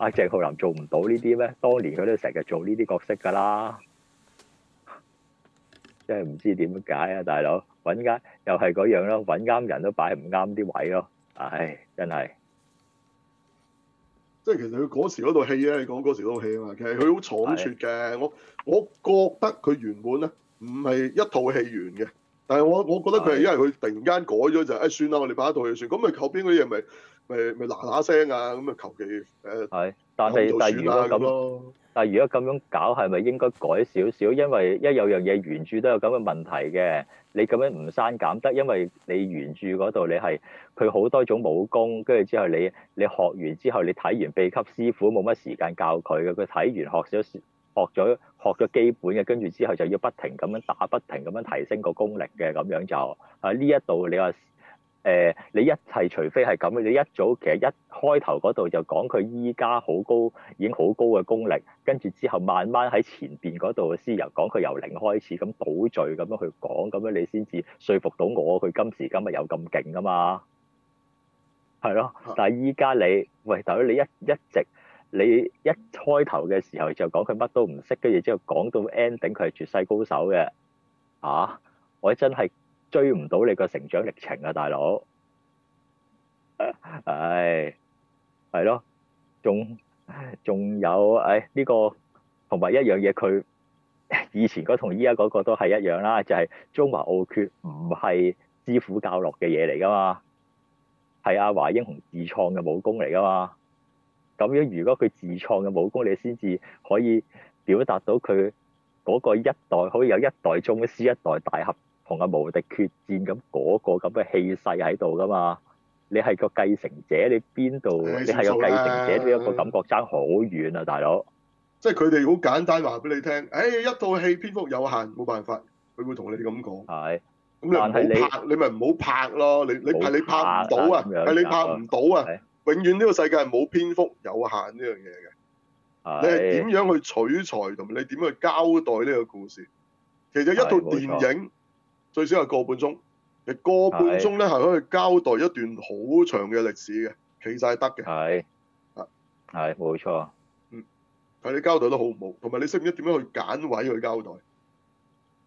阿、啊、鄭浩南做唔到呢啲咩？當年佢都成日做呢啲角色噶啦，即係唔知點解啊，大佬揾啱又係嗰樣咯，揾啱人都擺唔啱啲位咯，啊，唉，哎，真係。即係其實佢嗰時嗰套戲咧，你講嗰時嗰套戲啊嘛，其實佢好倉促嘅。我我覺得佢原本咧唔係一套戲完嘅，但係我我覺得佢係因為佢突然間改咗就係，哎，算啦，我哋拍一套就算，咁咪後邊嗰啲嘢咪。咪咪嗱嗱聲啊！咁啊，求其誒。係，但係但係如果咁，但係如果咁樣搞，係咪應該改少少？因為一有樣嘢原著都有咁嘅問題嘅，你咁樣唔刪減得，因為你原著嗰度你係佢好多種武功，跟住之後你你學完之後，你睇完秘笈師傅冇乜時間教佢嘅，佢睇完學少少學咗學咗基本嘅，跟住之後就要不停咁樣打，不停咁樣提升個功力嘅，咁樣就啊呢一度你話。誒、呃，你一切除非係咁嘅，你一早其實一開頭嗰度就講佢依家好高，已經好高嘅功力，跟住之後慢慢喺前邊嗰度先由講佢由零開始咁倒序咁樣去講，咁樣你先至説服到我佢今時今日有咁勁啊嘛。係咯、啊，但係依家你喂，大佬，你一一直你一開頭嘅時候就講佢乜都唔識，跟住之後講到 ending 頂佢係絕世高手嘅，啊，我真係～追唔到你個成長歷程啊，大佬！唉，係咯，仲仲有誒呢、呢個同埋一,一樣嘢，佢以前嗰同依家嗰個都係一樣啦，就係、係《中華傲訣》唔係師父教落嘅嘢嚟㗎嘛，係阿、啊、華英雄自創嘅武功嚟㗎嘛。咁樣如果佢自創嘅武功，你先至可以表達到佢嗰個一代可以有一代宗師，一代大俠。同阿無敵決戰咁嗰個咁嘅氣勢喺度噶嘛？你係個繼承者，你邊度？你係個繼承者你一個感覺爭好遠啊，大佬！即係佢哋好簡單話俾你聽，誒、哎，一套戲篇幅有限，冇辦法，佢會同你咁講。係。咁你唔好拍，你咪唔好拍咯。你你係你拍唔到啊！誒、就是，你拍唔到啊！永遠呢個世界係冇篇幅有限呢樣嘢嘅。你係點樣去取材同你點去交代呢個故事？其實一套電影。最少係個半鐘，誒個半鐘咧係可以交代一段好長嘅歷史嘅，其實係得嘅。係啊，係冇錯，嗯，係你交代得好唔好，同埋你識唔識點樣去揀位去交代？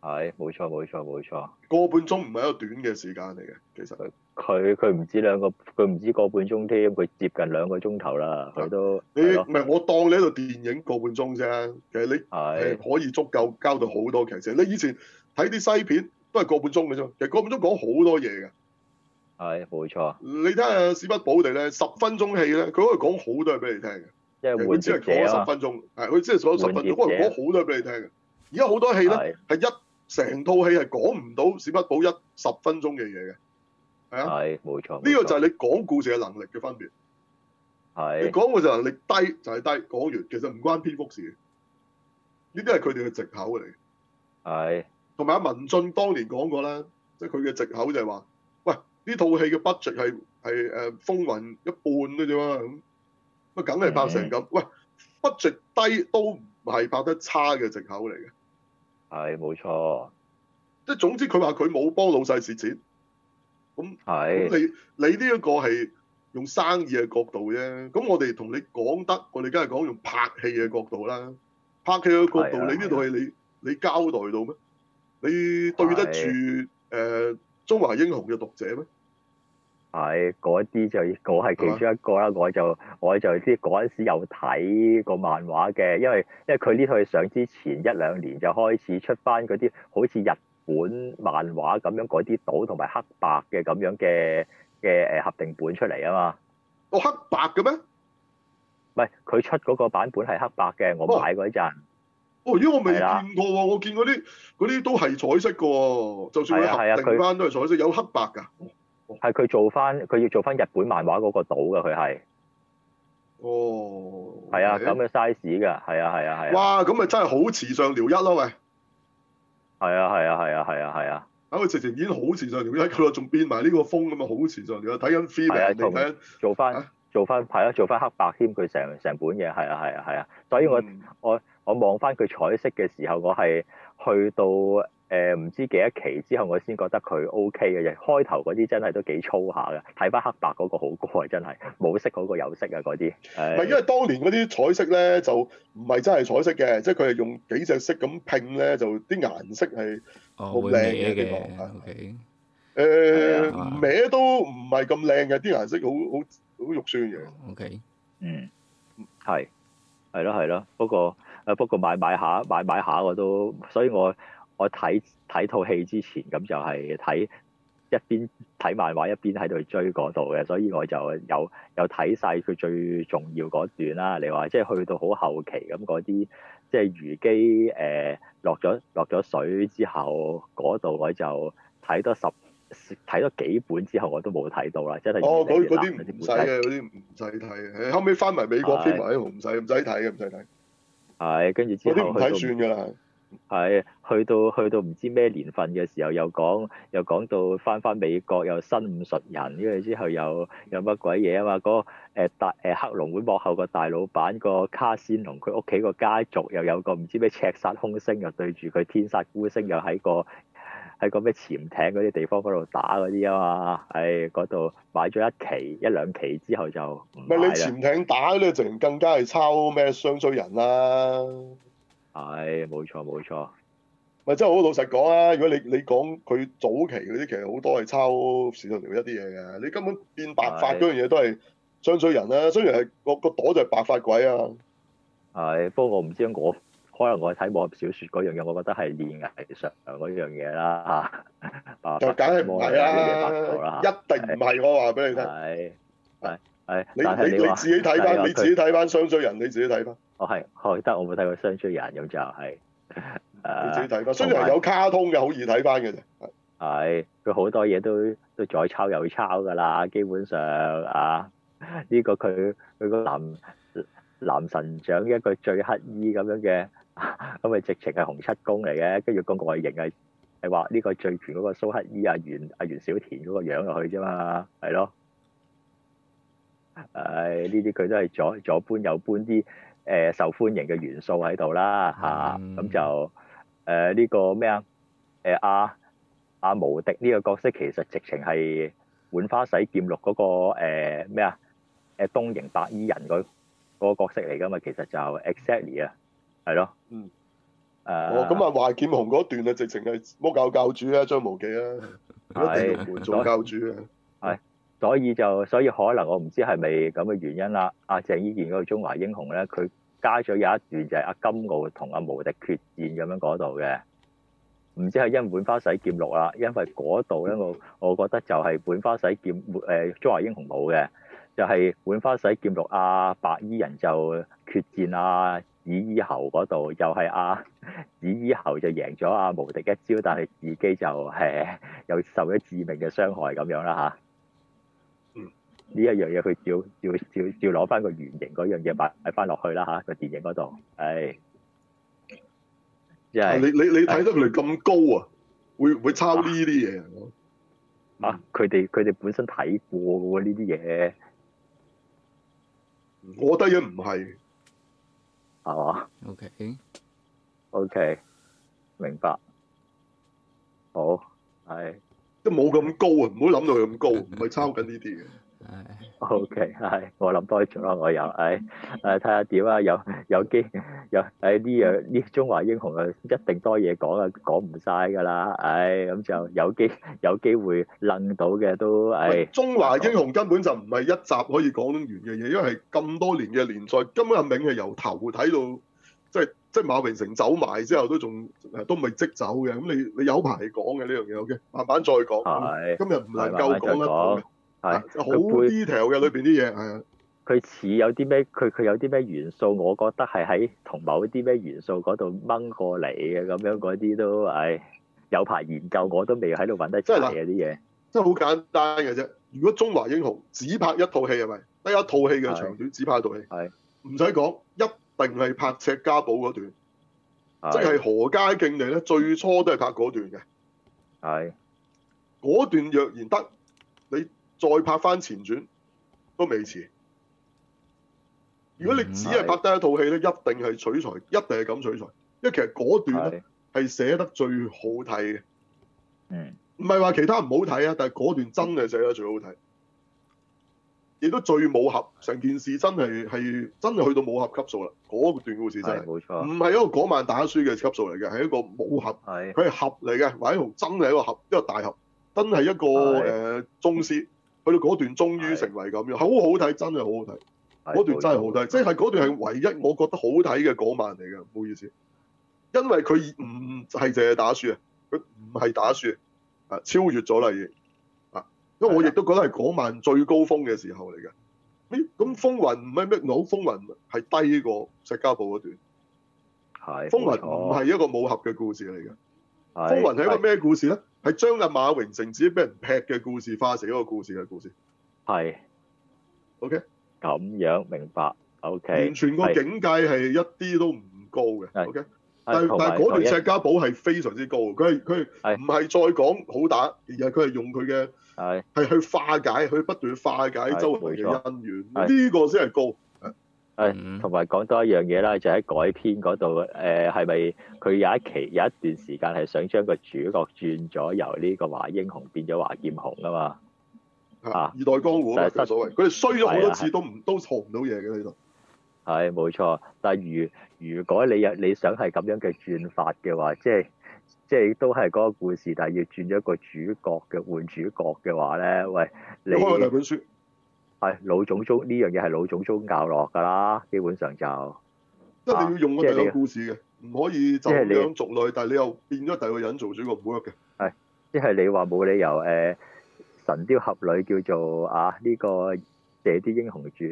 係冇錯冇錯冇錯，錯錯，個半鐘唔係一個短嘅時間嚟嘅。其實佢佢唔止兩個，佢唔止個半鐘添，佢接近兩個鐘頭啦，佢都，你唔係我當你喺度電影個半鐘啫，其實你係可以足夠交代好多劇情。你以前睇啲西片，都係個半鐘嘅啫，其實個半鐘講好多嘢嘅、啊。係，冇錯。你睇下史匹堡哋咧，十分鐘戲咧，佢可以講好多嘢俾你聽嘅。即係、啊、只係講十分鐘。係、啊，佢只係所有十分鐘，啊、可能講好多嘢俾你聽嘅。而家好多戲咧，係一成套戲係講唔到史匹堡一十分鐘嘅嘢嘅。係啊。係，冇錯。呢、呢個就係你講故事嘅能力嘅分別。係。你講故事能力低就係低，講完其實唔關篇幅事嘅。呢啲係佢哋嘅藉口嚟。係。同埋阿文俊當年講過啦，即係佢嘅藉口就係話：喂，呢套戲嘅 budget 係係誒風雲一半嘅啫嘛咁，咁梗係爆成咁。喂，budget 低都唔係爆得差嘅藉口嚟嘅，係冇錯。即係總之佢話佢冇幫老細蝕錢咁，係你你呢一個係用生意嘅角度啫。咁我哋同你講得，我哋梗係講用拍戲嘅角度啦。拍戲嘅角度，你呢套戲你你交代到咩？你對得住誒《中華英雄》嘅讀者咩？係嗰啲就嗰係其中一個啦、啊。我就我就知嗰陣時有睇個漫畫嘅，因為因為佢呢套上之前一兩年就開始出翻嗰啲好似日本漫畫咁樣嗰啲島同埋黑白嘅咁樣嘅嘅誒合訂本出嚟啊嘛。哦，黑白嘅咩？唔係佢出嗰個版本係黑白嘅，我買嗰陣。哦。哦，咦我未見過喎、啊，我見嗰啲嗰啲都係彩色噶喎，就算佢定翻都係彩色，有黑白㗎。係、哦、佢做翻，佢要做翻日本漫畫嗰個島㗎，佢係。哦。係啊，咁、欸、嘅 size 㗎，係啊，係啊，係啊。哇，咁咪真係好時尚聊一咯喂！係啊，係啊，係啊，係啊，係啊。啊，佢直情已經好時尚聊一，佢話仲變埋呢個風咁嘛，好時尚聊 feedback，啊！睇緊 three D 嚟睇，做翻做翻係啊，做翻黑白添，佢成成本嘢係啊，係啊，係啊，所以我我。嗯我望翻佢彩色嘅時候，我係去到誒唔、呃、知幾多期之後，我先覺得佢 O K 嘅。即開頭嗰啲真係都幾粗下嘅，睇翻黑白嗰個好過，真係冇色嗰個有色啊嗰啲。唔係因為當年嗰啲彩色咧就唔係真係彩色嘅，即係佢係用幾隻色咁拼咧，就啲顏色係好靚嘅。誒、哦，咩、okay. 呃 yeah. 都唔係咁靚嘅，啲顏色好好好肉酸嘅。O、okay. K，嗯，係係咯係咯，不過。啊！不過買買下買買下，我我，我都所以，我我睇睇套戲之前咁，就係睇一邊睇漫畫，一邊喺度追嗰度嘅，所以我就有有睇晒佢最重要嗰段啦。你話即係去到好後期咁嗰啲，即係虞姬誒落咗落咗水之後嗰度，那裡我就睇多十睇多幾本之後我都冇睇到啦。即係哦，嗰啲唔使嘅，嗰啲唔使睇嘅。後尾翻埋美國飛埋去，唔使唔使睇嘅，唔使睇。係，跟住之算去到，係去到去到唔知咩年份嘅時候又，又講又講到翻翻美國又有新五十人，跟住之後又又乜鬼嘢啊嘛？嗰、嗰個誒大誒黑龍會幕後個大老闆個卡仙龍，佢屋企個家族又有個唔知咩赤煞空星，又對住佢天煞孤星，又喺個。喺個咩潛艇嗰啲地方嗰度打嗰啲啊嘛，喺嗰度買咗一期一兩期之後就唔買啦，你潛艇打咧，就更加係抄咩傷追人啦、啊。係、哎，冇錯冇錯。咪真係好老實講啊！如果你你講佢早期嗰啲，其實好多係抄池上遼一啲嘢嘅。你根本變白髮嗰樣嘢都係傷追人啦、啊哎。雖然係、嗰個、嗰個朵就係白髮鬼啊。係、哎，我不過我唔知我。可能我睇武俠小說嗰樣嘢，我覺得係練藝術嗰樣嘢啦嚇。就梗係唔係啦，一定唔係、啊、我話俾你聽。係，係，係。你你自己睇翻，你自己睇翻《雙狙人》，你自己睇翻。哦，係，得，我冇睇過《雙狙人》，咁就係。你自己睇翻，《雙狙人》有卡通嘅，好易睇翻嘅啫。係，佢好多嘢都都再抄又抄噶啦，基本上啊，呢、這個佢佢個男男神長一個最乞衣咁樣嘅。咁、啊、咪直情係洪七公嚟嘅，跟住個外形係係畫呢個最權嗰個蘇乞兒阿、啊、袁阿、啊、袁小田嗰個樣落去啫嘛，係咯。誒呢啲佢都係左左搬右搬啲誒、呃、受歡迎嘅元素喺度啦嚇，咁、啊嗯、就誒呢、呃這個咩啊誒阿阿無敵呢個角色其實直情係《浣花洗劍錄、那個》嗰個咩啊誒東瀛白衣人嗰、那個角色嚟噶嘛，其實就 exactly 啊。係咯，嗯，誒，哦，咁啊，華劍雄嗰段啊，直情係魔教教主啊，張無忌啊，一定唔做教主啊。係， <laughs> 所以就所以可能我唔知係咪咁嘅原因啦。阿鄭伊健嗰個中華英雄咧，佢加咗有一段就係阿金傲同阿無敵決戰咁樣嗰度嘅，唔知係因浣花洗劍錄啦，因為嗰度咧我我覺得就係浣花洗劍誒中華英雄冇嘅，就係、是、浣花洗劍錄阿白衣人就決戰啊。以依喉嗰度又係阿以依喉就贏咗阿無敵一招，但係自己就係又受咗致命嘅傷害咁樣啦吓、啊。嗯，呢一樣嘢佢照照照照攞翻個圓形嗰樣嘢擺擺翻落去啦吓，個電影嗰度，係、啊就是。你你你睇得嚟咁高啊？啊會會抄呢啲嘢？啊！佢哋佢哋本身睇過嘅喎呢啲嘢。我得嘢唔係。係嘛？OK，OK，okay. Okay，明白，好係，都冇咁高啊！唔好諗到佢咁高，唔係抄緊呢啲嘅。OK 係，我諗多咗咯，我又，唉、哎，誒、哎，睇下點啊，有有機，有，誒，呢樣呢，中華英雄啊，一定多嘢講啊，講唔晒噶啦，唉、哎，咁就有機有機會論到嘅都，誒、哎，中華英雄根本就唔係一集可以講完嘅嘢，因為係咁多年嘅連載，根本阿銘係由頭睇到，即係即係馬榮成走埋之後都仲誒都未即走嘅，咁你你有排講嘅呢樣嘢，OK，慢慢再講，今日唔能夠講啦。係好 detail 嘅裏邊啲嘢，係佢似有啲咩，佢佢有啲咩元素，我覺得係喺同某啲咩元素嗰度掹過嚟嘅，咁樣嗰啲都唉、哎，有排研究，我都未喺度搵得齊啲嘢。即係好簡單嘅啫，如果中華英雄只拍一套戲係咪？得一套戲嘅長短，只拍一套戲，唔使講，一定係拍赤家寶嗰段，即係、就是、何家勁嚟咧，最初都係拍嗰段嘅。係嗰段若然得。再拍翻前傳都未遲。如果你只係拍得一套戲咧，一定係取材，一定係咁取材，因為其實嗰段係寫得最好睇嘅。嗯，唔係話其他唔好睇啊，但係嗰段真係寫得最好睇，亦都最武俠。成件事真係係真係去到武俠級數啦。嗰段故事真係冇錯，唔係一個嗰晚打輸嘅級數嚟嘅，係一個武俠，佢係俠嚟嘅，或者同真係一個俠，一個大俠，真係一個誒、呃、宗師。去到嗰段終於成為咁樣，好好睇，真係好好睇，嗰段真係好睇，即係嗰段係唯一我覺得好睇嘅嗰晚嚟嘅，唔好意思，因為佢唔係淨係打輸啊，佢唔係打輸啊，超越咗啦，啊，因為我亦都覺得係嗰晚最高峰嘅時候嚟嘅。咁《風雲》唔係咩？好《風雲》係低過《石家寶》嗰段，係，《風雲》唔係一個武俠嘅故事嚟嘅，《風雲》係一個咩故事咧？係將阿馬榮成自己俾人劈嘅故事，化成一個故事嘅故事係。係，OK。咁樣明白，OK。完全個境界係一啲都唔高嘅，OK。但係但係嗰段《赤家寶》係非常之高，佢係佢唔係再講好打，係而係佢係用佢嘅係係去化解，去不斷化解周圍嘅恩怨，呢個先係高。誒，同埋講多一樣嘢啦，就喺、是、改編嗰度，係咪佢有一期有一段時間係想將個主角轉咗由呢個華英雄變咗華劍雄啊嘛？啊，二代江湖就係所謂佢哋衰咗好多次都唔都錯唔到嘢嘅喺度。係冇錯，但係如果如果你有你想係咁樣嘅轉法嘅話，即係即係都係嗰個故事，但係要轉咗個主角嘅換主角嘅話咧，喂，你本係老祖宗呢樣嘢係老祖宗教落㗎啦，基本上就即係你要用個第二個故事嘅，唔可以就咁樣續落去，但係你又變咗第二個人做主要個 work 嘅。係，即係你話冇理由誒《神鵰俠侶》叫做啊呢個《射鵰英雄傳》，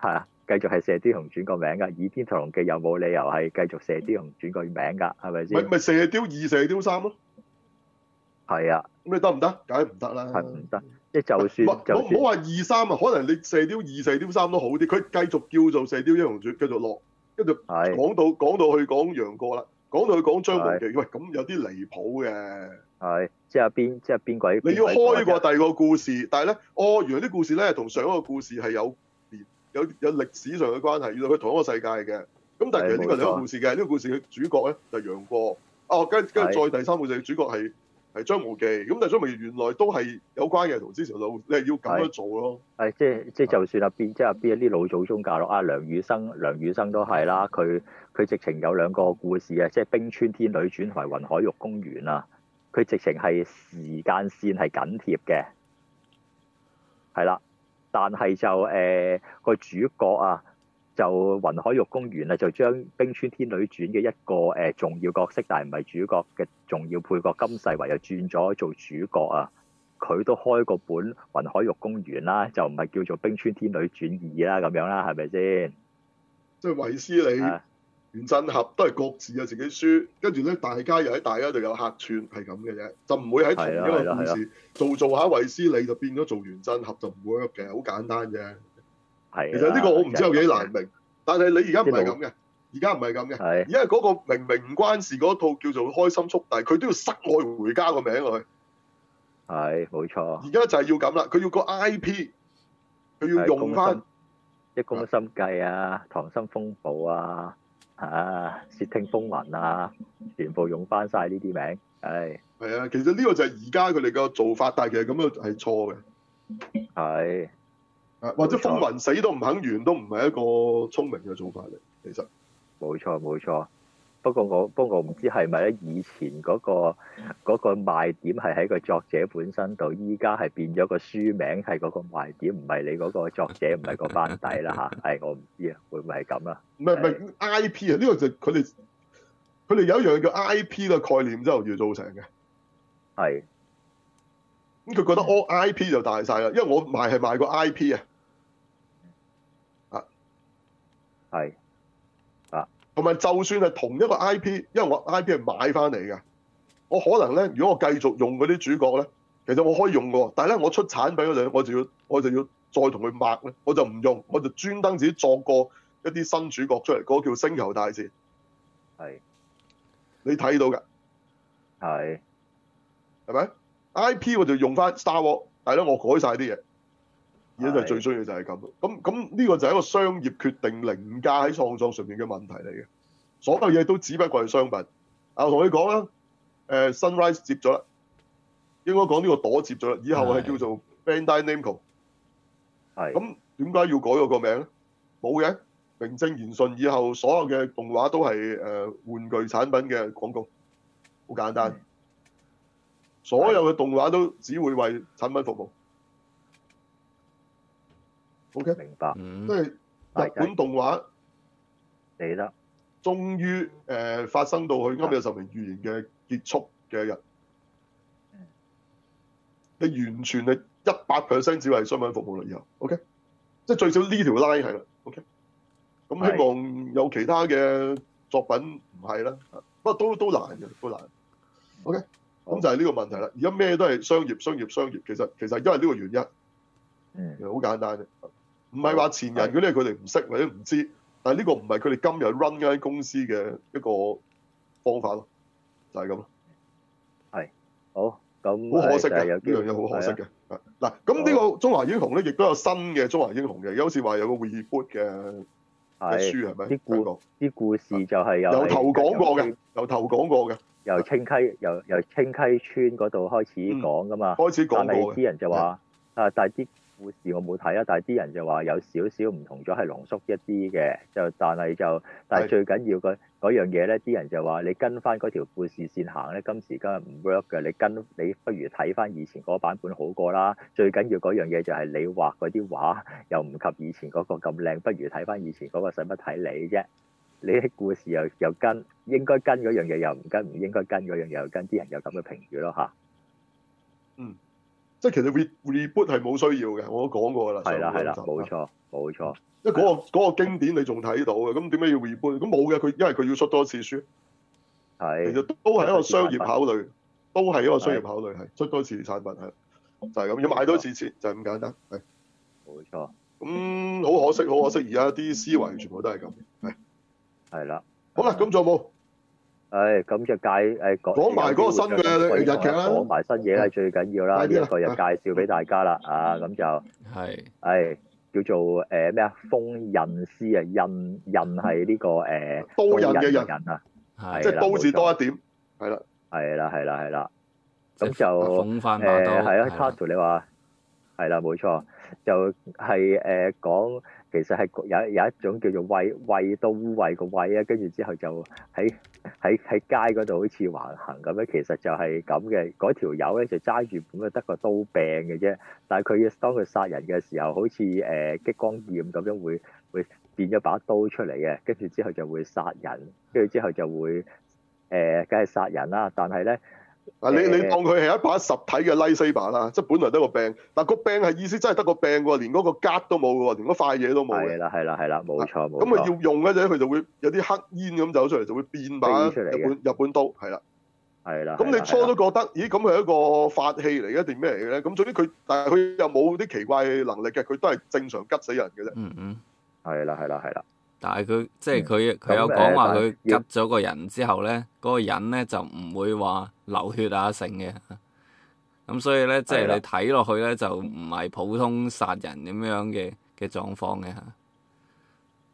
係啊，繼續係《射鵰英雄傳》個名㗎，《倚天屠龍記》又冇理由係繼續《射鵰英雄傳》個名㗎，係咪先？咪咪《射鵰二》《射鵰三》咯。係啊，咁你得唔得？梗係唔得啦。係唔得。即就，就算，唔好唔好話二三啊，可能你射雕二、射雕三都好啲。佢繼續叫做《射雕英雄傳》，繼續落，跟住講到講到去講楊過啦，講到去講張無忌。喂，咁有啲離譜嘅。係，即係邊？即係邊個？你要開過第二個故事，但係咧，哦，原來啲故事咧同上一個故事係有有有歷史上嘅關係。原來佢同一個世界嘅。咁，但係其實呢個係兩個故事嘅，呢個故事嘅主角咧就係楊過。哦，跟跟住再第三個故事嘅主角係。是的是的係張無忌，咁但係張無忌原來都係有關嘅，同之前老，你係要咁樣做咯。係即係即係，就，是、就算啊邊即係啊邊一啲老祖宗教咯，阿、啊、梁羽生、梁羽生都係啦，佢佢直情有兩個故事啊，即係《冰川天女》轉為《雲海玉弓緣》啊，佢直情係時間線係緊貼嘅，係啦，但係就誒個、呃、主角啊。就雲海玉弓緣咧，就將冰川天女傳嘅一個誒重要角色，但係唔係主角嘅重要配角金世遺又轉咗做主角啊！佢都開過本雲海玉弓緣啦、啊，就唔係叫做冰川天女傳二啦、啊，咁樣啦、啊，係咪先？即、就、係、是、衛斯理、原振俠都係各自有自己書，跟住咧大家又喺大家度有客串，係咁嘅啫，就唔會喺同一個故事做做下衛斯理就變咗做原振俠就唔 work 嘅，好簡單啫。係、啊，其實呢個我唔知有幾難明、啊，但係你而家唔係咁嘅，而家唔係咁嘅，而家嗰個明明唔關事嗰套叫做開心速遞，佢都要塞愛回家個名佢，係冇、啊、錯。而家就係要咁啦，佢要個 IP，佢要用翻一、啊、宮心、就係、計啊，溏、啊、心風暴啊，啊，竊聽風雲啊，全部用翻晒呢啲名，係、啊。係啊，其實呢個就係而家佢哋個做法，但係其實咁樣係錯嘅。係、啊。或者風雲死都唔肯完，都唔係一個聰明嘅做法嚟。其實冇錯冇錯，不過我，我不過我唔知係咪咧。以前嗰、嗰個嗰、嗰個賣點係喺個作者本身度，依家係變咗個書名係嗰個賣點，唔係你嗰個作者，唔係個班底啦吓。係 <laughs> 我唔知啊，會唔會係咁啦？唔係唔係 I P 啊，呢、呢個就佢哋佢哋有一樣叫 I P 嘅概念之後要做成嘅，係。咁佢覺得 all IP 就大晒啦，因為我是賣係賣個 IP 啊。啊，係啊，同埋就算係同一個 IP，因為我 IP 係買翻嚟嘅，我可能咧，如果我繼續用嗰啲主角咧，其實我可以用嘅，但係咧，我出產品嗰陣，我就要我就要再同佢麥咧，我就唔用，我就專登自己作個一啲新主角出嚟，嗰、嗰個叫星球大戰，係，你睇到噶，係，係咪？I P 我就用翻 Star Wars 但係咧我改晒啲嘢，而家就係最需要，就係咁。咁咁呢個就係一個商業決定，凌駕喺創造上面嘅問題嚟嘅。所有嘢都只不過係商品。啊，我同你講啦，誒 Sunrise 接咗啦，應該講呢個朵接咗啦。以後係叫做 Bandai Namco。係。咁點解要改個個名咧？冇嘅，名正言順，以後所有嘅動畫都係誒、呃、玩具產品嘅廣告，好簡單。所有嘅動畫都只會為產品服務。O K，明白。即、嗯、為日本動畫嚟啦，終於誒發生到佢《暗夜十名預言》嘅結束嘅日，你完全係一百 percent 只為商品服務啦。以後，O K，即係最少呢條 line 係啦。O K，咁希望有其他嘅作品唔係啦，不過都都難嘅，都難的。O K。OK? 咁就係呢個問題啦。而家咩都係商業、商業、商業，其實其實因為呢個原因，嗯，其實好簡單嘅，唔係話前人嗰啲，佢哋唔識或者唔知，但係呢個唔係佢哋今日 run 嗰啲公司嘅一個方法咯，就係咁咯。係，好咁好可惜嘅呢樣嘢，好可惜嘅。嗱、啊，咁呢個《中華英雄呢》咧，亦都有新嘅《中華英雄》嘅，有時話有個 reboot 嘅。係書係咪？啲故啲故事就係有有頭講過嘅，由頭講過嘅，由清溪、嗯、由由清溪村嗰度開始講噶嘛。開始講過，但係啲人就話啊，但係啲。故事我冇睇啊，但係啲人就話有少少唔同咗，係濃縮一啲嘅，就但係就，但係最緊要個嗰樣嘢咧，啲人就話你跟翻嗰條故事線行咧，今時今日唔 work 嘅。你跟你不如睇翻以前嗰版本好過啦。最緊要嗰樣嘢就係你畫嗰啲畫又唔及以前嗰個咁靚，不如睇翻以前嗰、嗰個使乜睇你啫？你啲故事又又跟應該跟嗰樣嘢又唔跟，唔應該跟嗰樣嘢又跟，啲人又咁嘅評語咯嚇。嗯。即係其實 reboot 係冇需要嘅，我都講過啦。係啦係啦，冇錯冇錯。因為嗰個嗰個經典你仲睇到嘅，咁點解要 reboot？咁冇嘅，佢因為佢要出多次書，係其實都係一個商業考慮，係都係一個商業考慮，係出多次產品係就係、係、咁，要買多次先，就係咁簡單。係冇錯。咁好可惜，好可惜，而家啲思維全部都係咁。係係啦。好啦，咁仲有冇？誒咁就介誒講講埋嗰個新嘅日劇啦，講埋新嘢咧最緊要啦，呢一個又介紹俾大家啦啊，咁就係誒叫做誒咩啊？封刃師啊，刃刃係呢個誒刀刃嘅刃啊，即係刀字多一點，係啦，係啦，係啦，係啦，咁就誒係啊，Tasuku，你話係啦，冇錯，就係誒講。其實係有有一種叫做胃胃刀烏胃個胃啊，跟住之後就喺喺喺街嗰度好似橫行咁樣，其實就係咁嘅。嗰條友咧就揸住本嘅得個刀柄嘅啫，但係佢當佢殺人嘅時候，好似誒、呃、激光劍咁樣會會變咗把刀出嚟嘅，跟住之後就會殺人，跟住之後就會誒，梗、呃、係殺人啦。但係咧。啊！你你當佢係一把實體嘅 lightsaber 啦，即係本來得個柄，但個柄係意思真係得個柄喎，連嗰個格都冇喎，連嗰塊嘢都冇嘅。係啦，係啦，係啦，冇錯冇錯。咁、啊、咪要用嘅啫，佢就會有啲黑煙咁走出嚟，就會變把日本日本刀。係啦，係啦。咁你初都覺得咦？咁係一個法器嚟嘅定咩嚟嘅咧？咁總之佢，但係佢又冇啲奇怪嘅能力嘅，佢都係正常吉死人嘅啫。嗯嗯，係啦，係啦，係啦。但係佢即係佢，佢、嗯、有講話佢㓤咗個人之後咧，嗰、嗯嗰個人咧就唔會話流血啊成嘅。咁所以咧，即係你睇落去咧、嗯、就唔係普通殺人咁樣嘅嘅狀況嘅。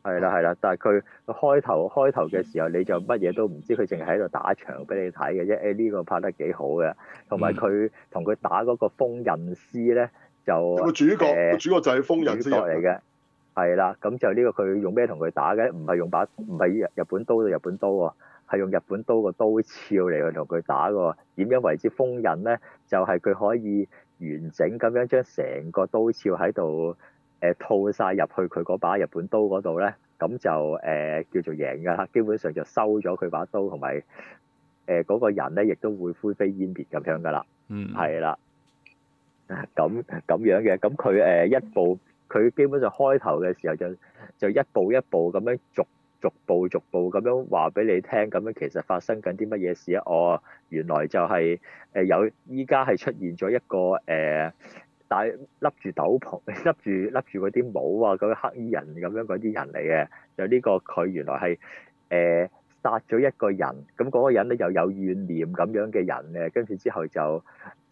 係、嗯、啦，係、嗯、啦，但係佢開頭開頭嘅時候你就乜嘢都唔知，佢淨係喺度打場俾你睇嘅啫。誒、哎、呢、呢個拍得幾好嘅，同埋佢同佢打嗰個封印師咧就、嗰個主角，呃、主角就係封印師嚟嘅。係啦，咁就呢個佢用咩同佢打嘅？唔係用把唔係日日本刀嘅日本刀喎，係用日本刀個刀鞘嚟去同佢打嘅喎。點樣為之封刃咧？就係、是、佢可以完整咁樣將成個刀鞘喺度誒套曬入去佢嗰把日本刀嗰度咧，咁就誒、呃、叫做贏㗎啦。基本上就收咗佢把刀同埋誒嗰個人咧，亦都會灰飛煙滅咁樣㗎啦。嗯，係啦，咁咁樣嘅，咁佢誒一部。佢基本上開頭嘅時候就就一步一步咁樣逐逐步逐步咁樣話俾你聽，咁樣其實發生緊啲乜嘢事啊？哦，原來就係誒有依家係出現咗一個誒、呃、戴笠住斗篷、笠住笠住嗰啲帽啊，嗰個黑衣人咁樣嗰啲人嚟嘅。就呢個佢原來係誒、呃、殺咗一個人，咁嗰個人咧又有怨念咁樣嘅人咧，跟住之後就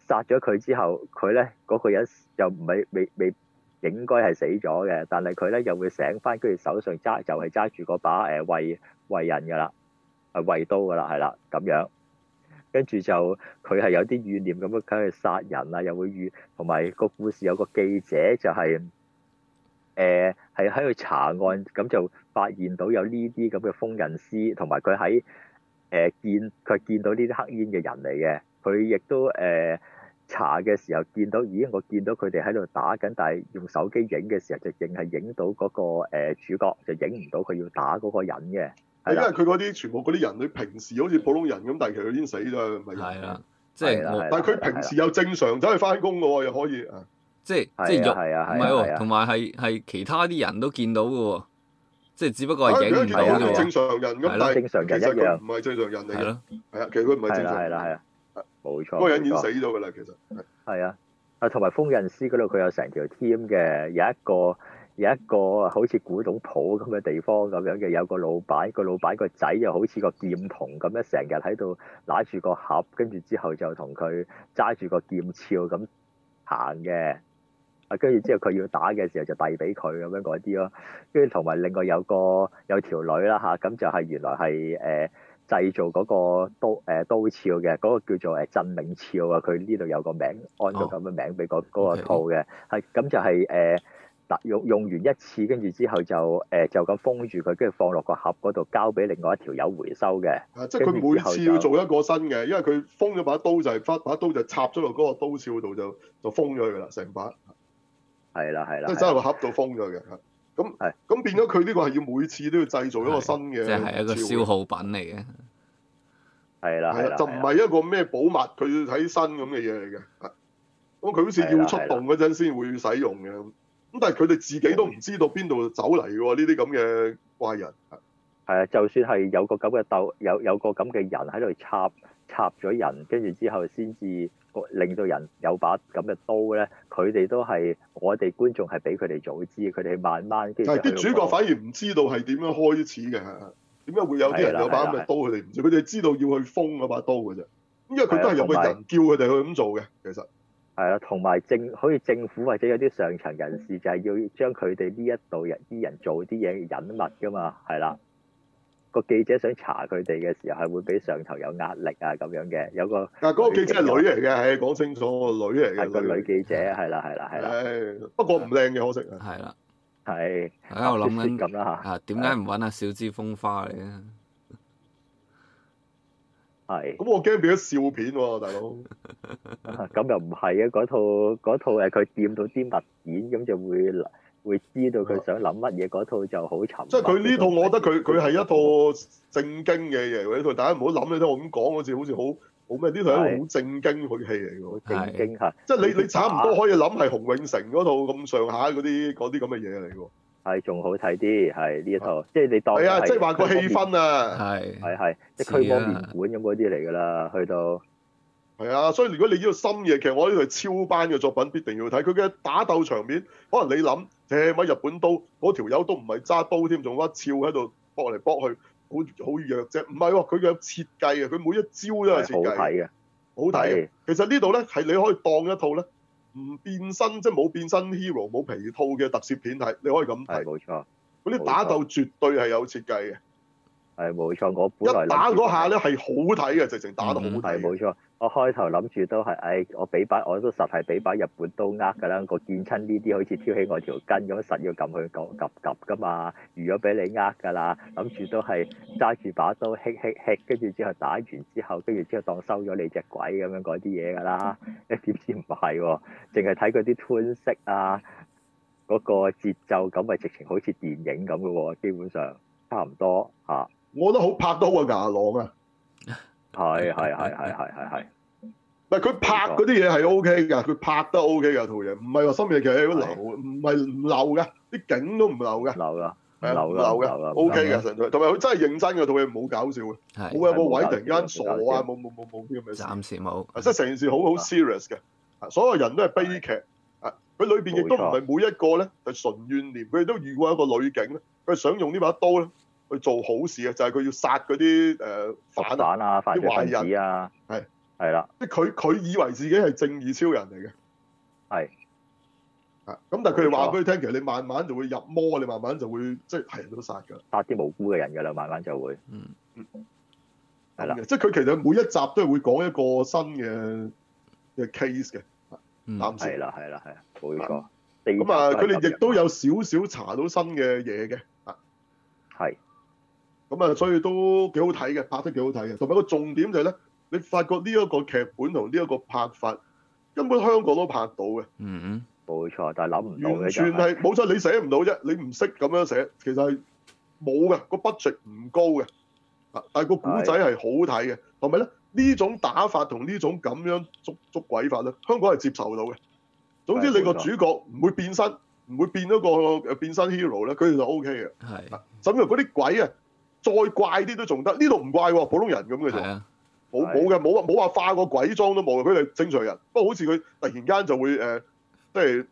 殺咗佢之後，佢咧嗰個人又唔係未未。未應該係死咗嘅，但係佢咧又會醒翻，跟住手上揸就係揸住嗰把誒餵餵人噶啦，係、啊、餵刀噶啦，係啦咁樣。跟住就佢係有啲怨念咁樣佢去殺人啊，又會預同埋個故事有個記者就係誒係喺度查案，咁就發現到有呢啲咁嘅封刃師，同埋佢喺誒見佢見到呢啲黑煙嘅人嚟嘅，佢亦都誒。呃查嘅時候見到，咦！我見到佢哋喺度打緊，但係用手機影嘅時候就淨係影到嗰個主角，就影唔到佢要打嗰個人嘅。係因為佢嗰啲全部嗰啲人，佢平時好似普通人咁，但係其實已經死咗，咪係啊！即係，但係佢平時又正常走去翻工嘅喎，又可以啊！即係即係唔係同埋係係其他啲人都見到嘅喎，即係只不過係影唔到正常人咁，但係正常人一樣唔係正常人嚟嘅。係啊，其實佢唔係正常。係啦，係啊。冇錯，嗰個人已經死咗噶啦，其實係啊，啊同埋封刃師嗰度佢有成條 team 嘅，有一個有一個好似古董鋪咁嘅地方咁樣嘅，有個老闆，個老闆個仔又好似個劍童咁樣，成日喺度攬住個盒，跟住之後就同佢揸住個劍鞘咁行嘅，啊跟住之後佢要打嘅時候就遞俾佢咁樣嗰啲咯，跟住同埋另外有個有條女啦吓，咁、啊、就係原來係誒。呃製造嗰個刀誒刀鞘嘅嗰、那個叫做誒鎮銘鞘啊，佢呢度有個名，安咗咁嘅名俾嗰個套嘅，係、oh, 咁、okay. 就係、是、誒、呃，用用完一次，跟住之後就誒、呃、就咁封住佢，跟住放落個盒嗰度，交俾另外一條友回收嘅。即係佢每次要做一個新嘅，因為佢封咗把刀就係、是、把刀就插咗落嗰個刀鞘度就就封咗佢㗎啦，成把。係啦，係啦。即係喺個盒度封咗佢嘅。咁係，咁變咗佢呢個係要每次都要製造一個新嘅，即係一個消耗品嚟嘅，係啦，係啦，就唔係一個咩寶物，佢睇新咁嘅嘢嚟嘅。咁佢好似要出動嗰陣先會使用嘅。咁但係佢哋自己都唔知道邊度走嚟喎，呢啲咁嘅怪人。係啊，就算係有個咁嘅竇，有有個咁嘅人喺度插插咗人，跟住之後先至。令到人有把咁嘅刀咧，佢哋都係我哋觀眾係俾佢哋早知，佢哋慢慢。但係啲主角反而唔知道係點樣開始嘅，點解會有啲人有把咁嘅刀佢哋唔知，佢哋知道要去封嗰把刀嘅啫。因為佢都係有個人叫佢哋去咁做嘅，其實。係啊，同埋政可以政府或者有啲上層人士就係、是、要將佢哋呢一度人啲人做啲嘢隱密㗎嘛，係啦。嗰個記者想查佢哋嘅時候係會俾上頭有壓力啊，咁樣嘅，有個女嘅女嘅女嘅。但係嗰個記者係女嚟嘅，係、欸、講清楚，女嚟嘅。係、啊，嗰個女記者，係啦，係啦，係啦。不過唔靚嘅可惜。係啦，係。喺度諗緊咁啦嚇。啊，點解唔揾下小資風花嚟咧？係。咁 <laughs> 我驚畀咗笑片喎、啊，大佬。咁又唔係啊？嗰套嗰套誒，佢掂到啲物件咁就會。會知道佢想諗乜嘢，嗰套就好沉，即係佢呢套我覺得佢佢係一套正經嘅嘢。呢套、啊、大家唔好諗你聽我咁講，好似好似好冇咩？呢、啊、套係一個好正經佢戲嚟嘅，好正經係。即、就、係、是、你、啊、你差唔多可以諗係洪永城嗰套咁上下嗰啲啲咁嘅嘢嚟嘅。係仲好睇啲，係呢一套，即係你當係。係啊，係啊，即係話個氣氛啊，係係係，即係驅魔麵館咁嗰啲嚟噶啦，去到係啊。所以如果你要深夜劇，其實我呢度係超班嘅作品，必定要睇佢嘅打鬥場面。可能你諗。射乜日本刀？嗰條友都唔係揸刀添，仲乜竈喺度搏嚟搏去，好好弱啫。唔係喎，佢嘅設計啊，佢每一招都係設計。好睇嘅，好睇。其實這裡呢度咧係你可以當一套咧，唔變身即係冇變身 hero 冇皮套嘅特攝片睇，你可以咁睇。係冇錯，嗰啲打鬥絕對係有設計嘅。係冇錯，我本來一打嗰下咧係好睇嘅，直情打得好睇。嗯，係冇錯。我開頭諗住都係，誒、哎，我俾把我都實係俾把日本刀呃㗎啦。個見親呢啲好似挑起我條筋咁實要撳佢夾夾夾㗎嘛。如果俾你呃㗎啦。諗住都係揸住把刀嘿嘿嘿，跟住之後打完之後，跟住之後當收咗你鬼了隻鬼咁樣講啲嘢㗎啦。一點知唔係喎，淨係睇佢啲穿色啊，嗰、嗰個節奏感咪直情好似電影咁嘅喎。基本上差唔多嚇、啊。我都好拍到好過牙狼啊。係係係係係係係，唔係佢拍嗰啲嘢係 O K 噶，佢拍得 O K 噶套嘢，唔係話深夜劇有流，唔係唔流嘅，啲景都唔流嘅，流噶，係啊，流噶，流噶，O K 噶，同埋佢真係認真嘅套嘢，唔好搞笑嘅，冇有冇位突然間傻啊，冇冇冇冇啲咁嘅，暫時冇，即係成件事好好 serious 嘅，所有人都係悲劇，啊，佢裏邊亦都唔係每一個咧係純怨念，佢哋都遇過一個女警咧，佢想用呢把刀咧。去做好事嘅，就係、是、佢要殺嗰啲誒反啊、啲、啊、壞人啊，係係啦，即係佢佢以為自己係正義超人嚟嘅，係，咁但係佢哋話俾你聽，其實你慢慢就會入魔，你慢慢就會即係係人都殺㗎，殺啲無辜嘅人㗎啦，慢慢就會，嗯嗯，係啦，即係佢其實每一集都係會講一個新嘅嘅 case 嘅，嗯，係啦係啦係，冇錯，咁啊，佢哋亦都有少少查到新嘅嘢嘅，啊，係。咁、嗯、啊，所以都幾好睇嘅，拍得幾好睇嘅。同埋個重點就係咧，你發覺呢一個劇本同呢一個拍法，根本香港都拍到嘅。嗯，嗯，冇錯，但係諗唔到嘅、就係。完全係冇錯，你寫唔到啫，你唔識咁樣寫。其實係冇嘅，個 budget 唔高嘅。啊，但係個古仔係好睇嘅，同埋咧呢種打法同呢種咁樣捉捉鬼法咧，香港係接受到嘅。總之你個主角唔會變身，唔會變咗個變身 hero 咧，佢哋就 OK 嘅。係。甚至嗰啲鬼啊！再怪啲都仲得，呢度唔怪喎，普通人咁嘅啫，冇冇嘅，冇話冇話化過鬼妝都冇嘅，佢哋正常人。不過好似佢突然間就會誒，即、呃、係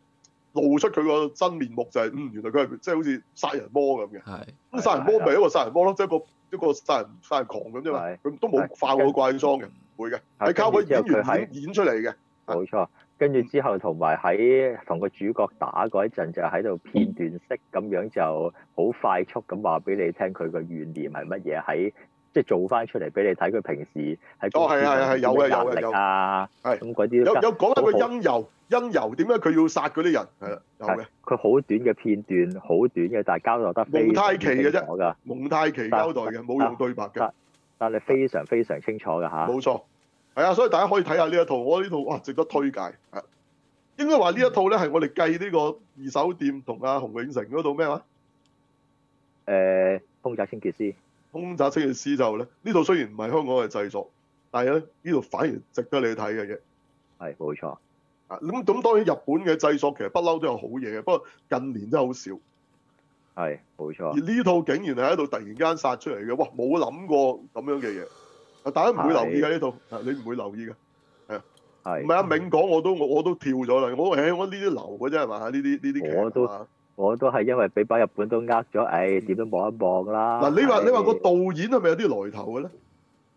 露出佢個真面目、就係，就係嗯，原來佢係即係好似殺人魔咁嘅。係，咁殺人魔咪一個殺人魔咯，即係一個一個殺人，就是、個殺，人殺人狂咁啫嘛。佢、啊、都冇化過怪裝嘅，唔會嘅，係靠佢演員演演出嚟嘅。冇、啊、錯。跟住之後，同埋喺同個主角打嗰陣，就喺度片段式咁樣就好快速咁話俾你聽佢個怨念係乜嘢，喺即做翻出嚟俾你睇佢平時喺哦，係係係有嘅，有壓力啊，咁嗰啲有有講緊佢因由，因由點解佢要殺嗰啲人？係啊，有嘅。佢好短嘅片段，好短嘅，但係交代得蒙太奇嘅啫，蒙太奇交代嘅，冇用對白嘅，但係非常非常清楚嘅嚇。冇係啊，所以大家可以睇下呢一套，我呢套哇值得推介。係應該話呢一套咧係我哋計呢個二手店同阿洪永城嗰套咩話？誒、嗯，凶宅清潔師。凶宅清潔師就咧呢套雖然唔係香港嘅製作，但係咧呢套反而值得你睇嘅嘢。係冇錯。啊咁咁當然日本嘅製作其實不嬲都有好嘢嘅，不過近年真係好少。係冇錯。而呢套竟然係喺度突然間殺出嚟嘅，哇！冇諗過咁樣嘅嘢。啊！大家唔會留意嘅呢度，啊你唔會留意嘅，係啊，係唔係阿銘講我都我我都跳咗啦，我唉我呢啲流嘅啫係嘛？呢啲呢啲劇啊嘛，我都係因為俾班日本都呃咗，唉點都望一望㗎啦。嗱你話你話個導演係咪有啲來頭嘅咧？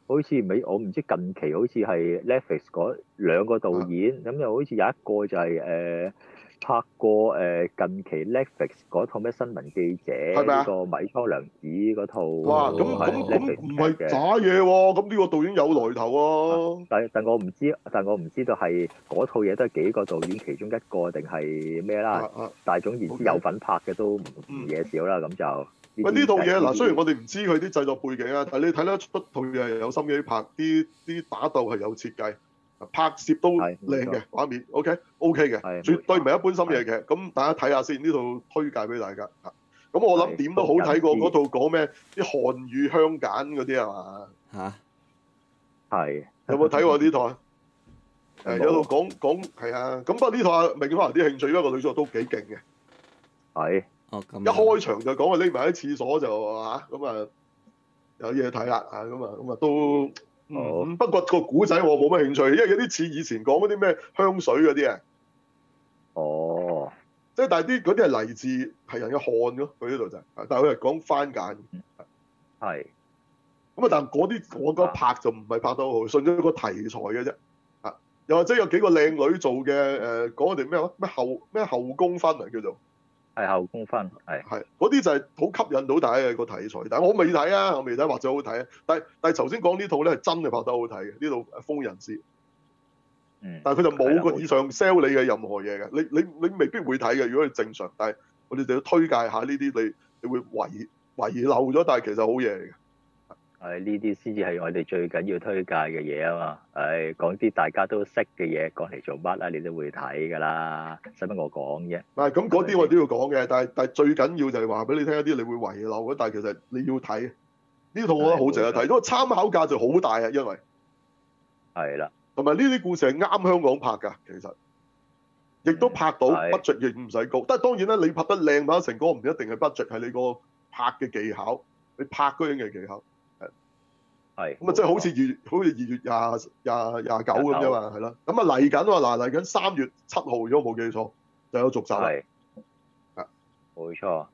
好似唔係，我唔知，近期好似係 Netflix 嗰兩個導演，咁又好似有一個就係誒。拍過誒、呃、近期 Netflix 嗰套咩新聞記者，呢、嗰個米倉涼子嗰套，哇！咁咁唔係打嘢喎，咁呢個導演有來頭喎。但但我唔知，但我唔知道係嗰套嘢都係幾個導演其中一個定係咩啦。但係、啊啊、總言之，有份拍嘅都唔嘢、嗯、少啦。咁就喂呢套嘢嗱，雖然我哋唔知佢啲製作背景啊、嗯，但係你睇得出套嘢有心機拍，啲啲打鬥係有設計。拍攝都靚嘅畫面，OK，OK、okay? okay、嘅，絕對唔係一般深嘢嘅。咁大家睇下先，呢度推介俾大家。咁我諗點都好睇過嗰套講咩？啲韓語香間嗰啲係嘛？嚇，係。有冇睇過呢套？誒，有度講講係啊。咁、嗯、不過呢套啊，明可能啲興趣，因為個女主角都幾勁嘅。係。哦咁。一開場就講佢匿埋喺廁所就啊，咁啊有嘢睇啦啊，咁啊咁啊都～、嗯嗯、oh.，不過個古仔我冇乜興趣，因為有啲似以前講嗰啲咩香水嗰啲啊。哦、oh.，即係但係啲嗰啲係嚟自，係人嘅汗咯，佢呢度就係、是，但係佢係講番鹼。係。咁啊，但係嗰啲我覺得拍就唔係拍得好，順咗一個題材嘅啫。啊，又或者有幾個靚女做嘅誒，講我哋咩咩後咩後宮婚啊叫做。係後宮分，係，係嗰啲就係好吸引到大家嘅個題材，但係我未睇啊，我未睇，或者好睇啊。但係，但係頭先講呢套咧係真係拍得好睇嘅，呢套《封刃師》。嗯。但係佢就冇個以上 sell 你嘅任何嘢嘅，你你你未必會睇嘅，如果你正常。但係我哋就要推介一下呢啲，你你會遺遺漏咗，但係其實是好嘢嚟嘅。係呢啲先至係我哋最緊要推介嘅嘢啊嘛！誒講啲大家都識嘅嘢講嚟做乜啊？你都會睇㗎啦，使乜我講啫？啊，咁嗰啲我都要講嘅，但係但係最緊要就係話俾你聽一啲你會遺漏嘅，但係其實你要睇呢套我覺得好值得睇，因為參考價值好大啊，因為係啦，同埋呢啲故事係啱香港拍㗎，其實亦都拍到不著，亦唔使高。但係當然啦，你拍得靚拍得成功唔一定係不著，係你個拍嘅技巧，你拍嗰樣嘅技巧。係，咁啊，即係好似二，好似二月廿廿廿九咁啫嘛，係咯，咁啊嚟緊喎，嗱嚟緊三月七號如果冇記錯，就有續集啦。係，啊，冇錯，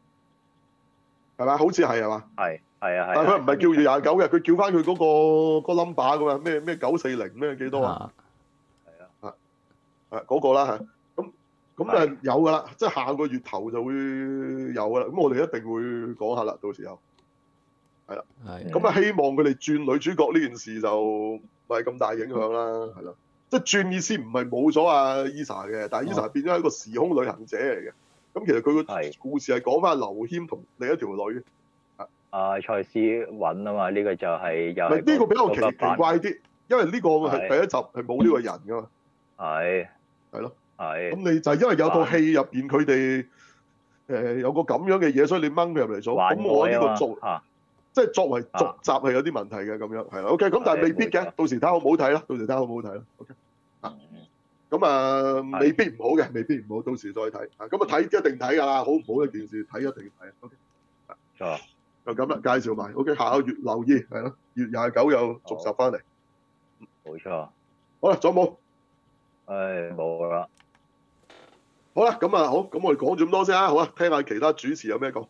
係咪？好似係係嘛？係，係啊係。但佢唔係叫二月廿九嘅，佢叫翻佢嗰個 number 㗎嘛？咩咩九四零咩幾多啊？係啊，啊啊嗰個啦嚇，咁咁啊有㗎啦，即係、就是、下個月頭就會有㗎啦。咁我哋一定會講下啦，到時候。係啦，係咁啊！希望佢哋轉女主角呢件事就唔係咁大影響啦，係啦，即係轉意思唔係冇咗阿 Elsa 嘅，但係 Elsa 變咗一個時空旅行者嚟嘅。咁其實佢個故事係講翻劉謙同另一條女的是的啊，蔡思韻啊嘛，呢、這個就係有呢個比較奇、那個、奇怪啲，因為呢個係第一集係冇呢個人噶嘛，係係咯，係咁你就係因為有套戲入邊佢哋誒有個咁樣嘅嘢，所以你掹佢入嚟咗。咁、啊、我呢個做。啊即係作為續集係有啲問題嘅，咁、啊、樣，係啦。O K，咁但係未必嘅，到時睇好唔好睇啦。到時睇好唔好睇啦。O、okay, K，啊，咁啊未必唔好嘅，未必唔好，嗯、好。到時再睇。啊，咁啊睇一定睇㗎啦，好唔好嘅一件事睇、嗯、一定睇。O、okay, K，啊，就咁啦，介紹埋。O、okay, K，下個月留意，係咯、啊，月廿九又續集翻嚟。冇、嗯、錯。好啦，仲有冇？誒、哎，冇啦。好啦，咁啊，好，咁我哋講咗咁多先啊。好啊，聽下其他主持有咩講。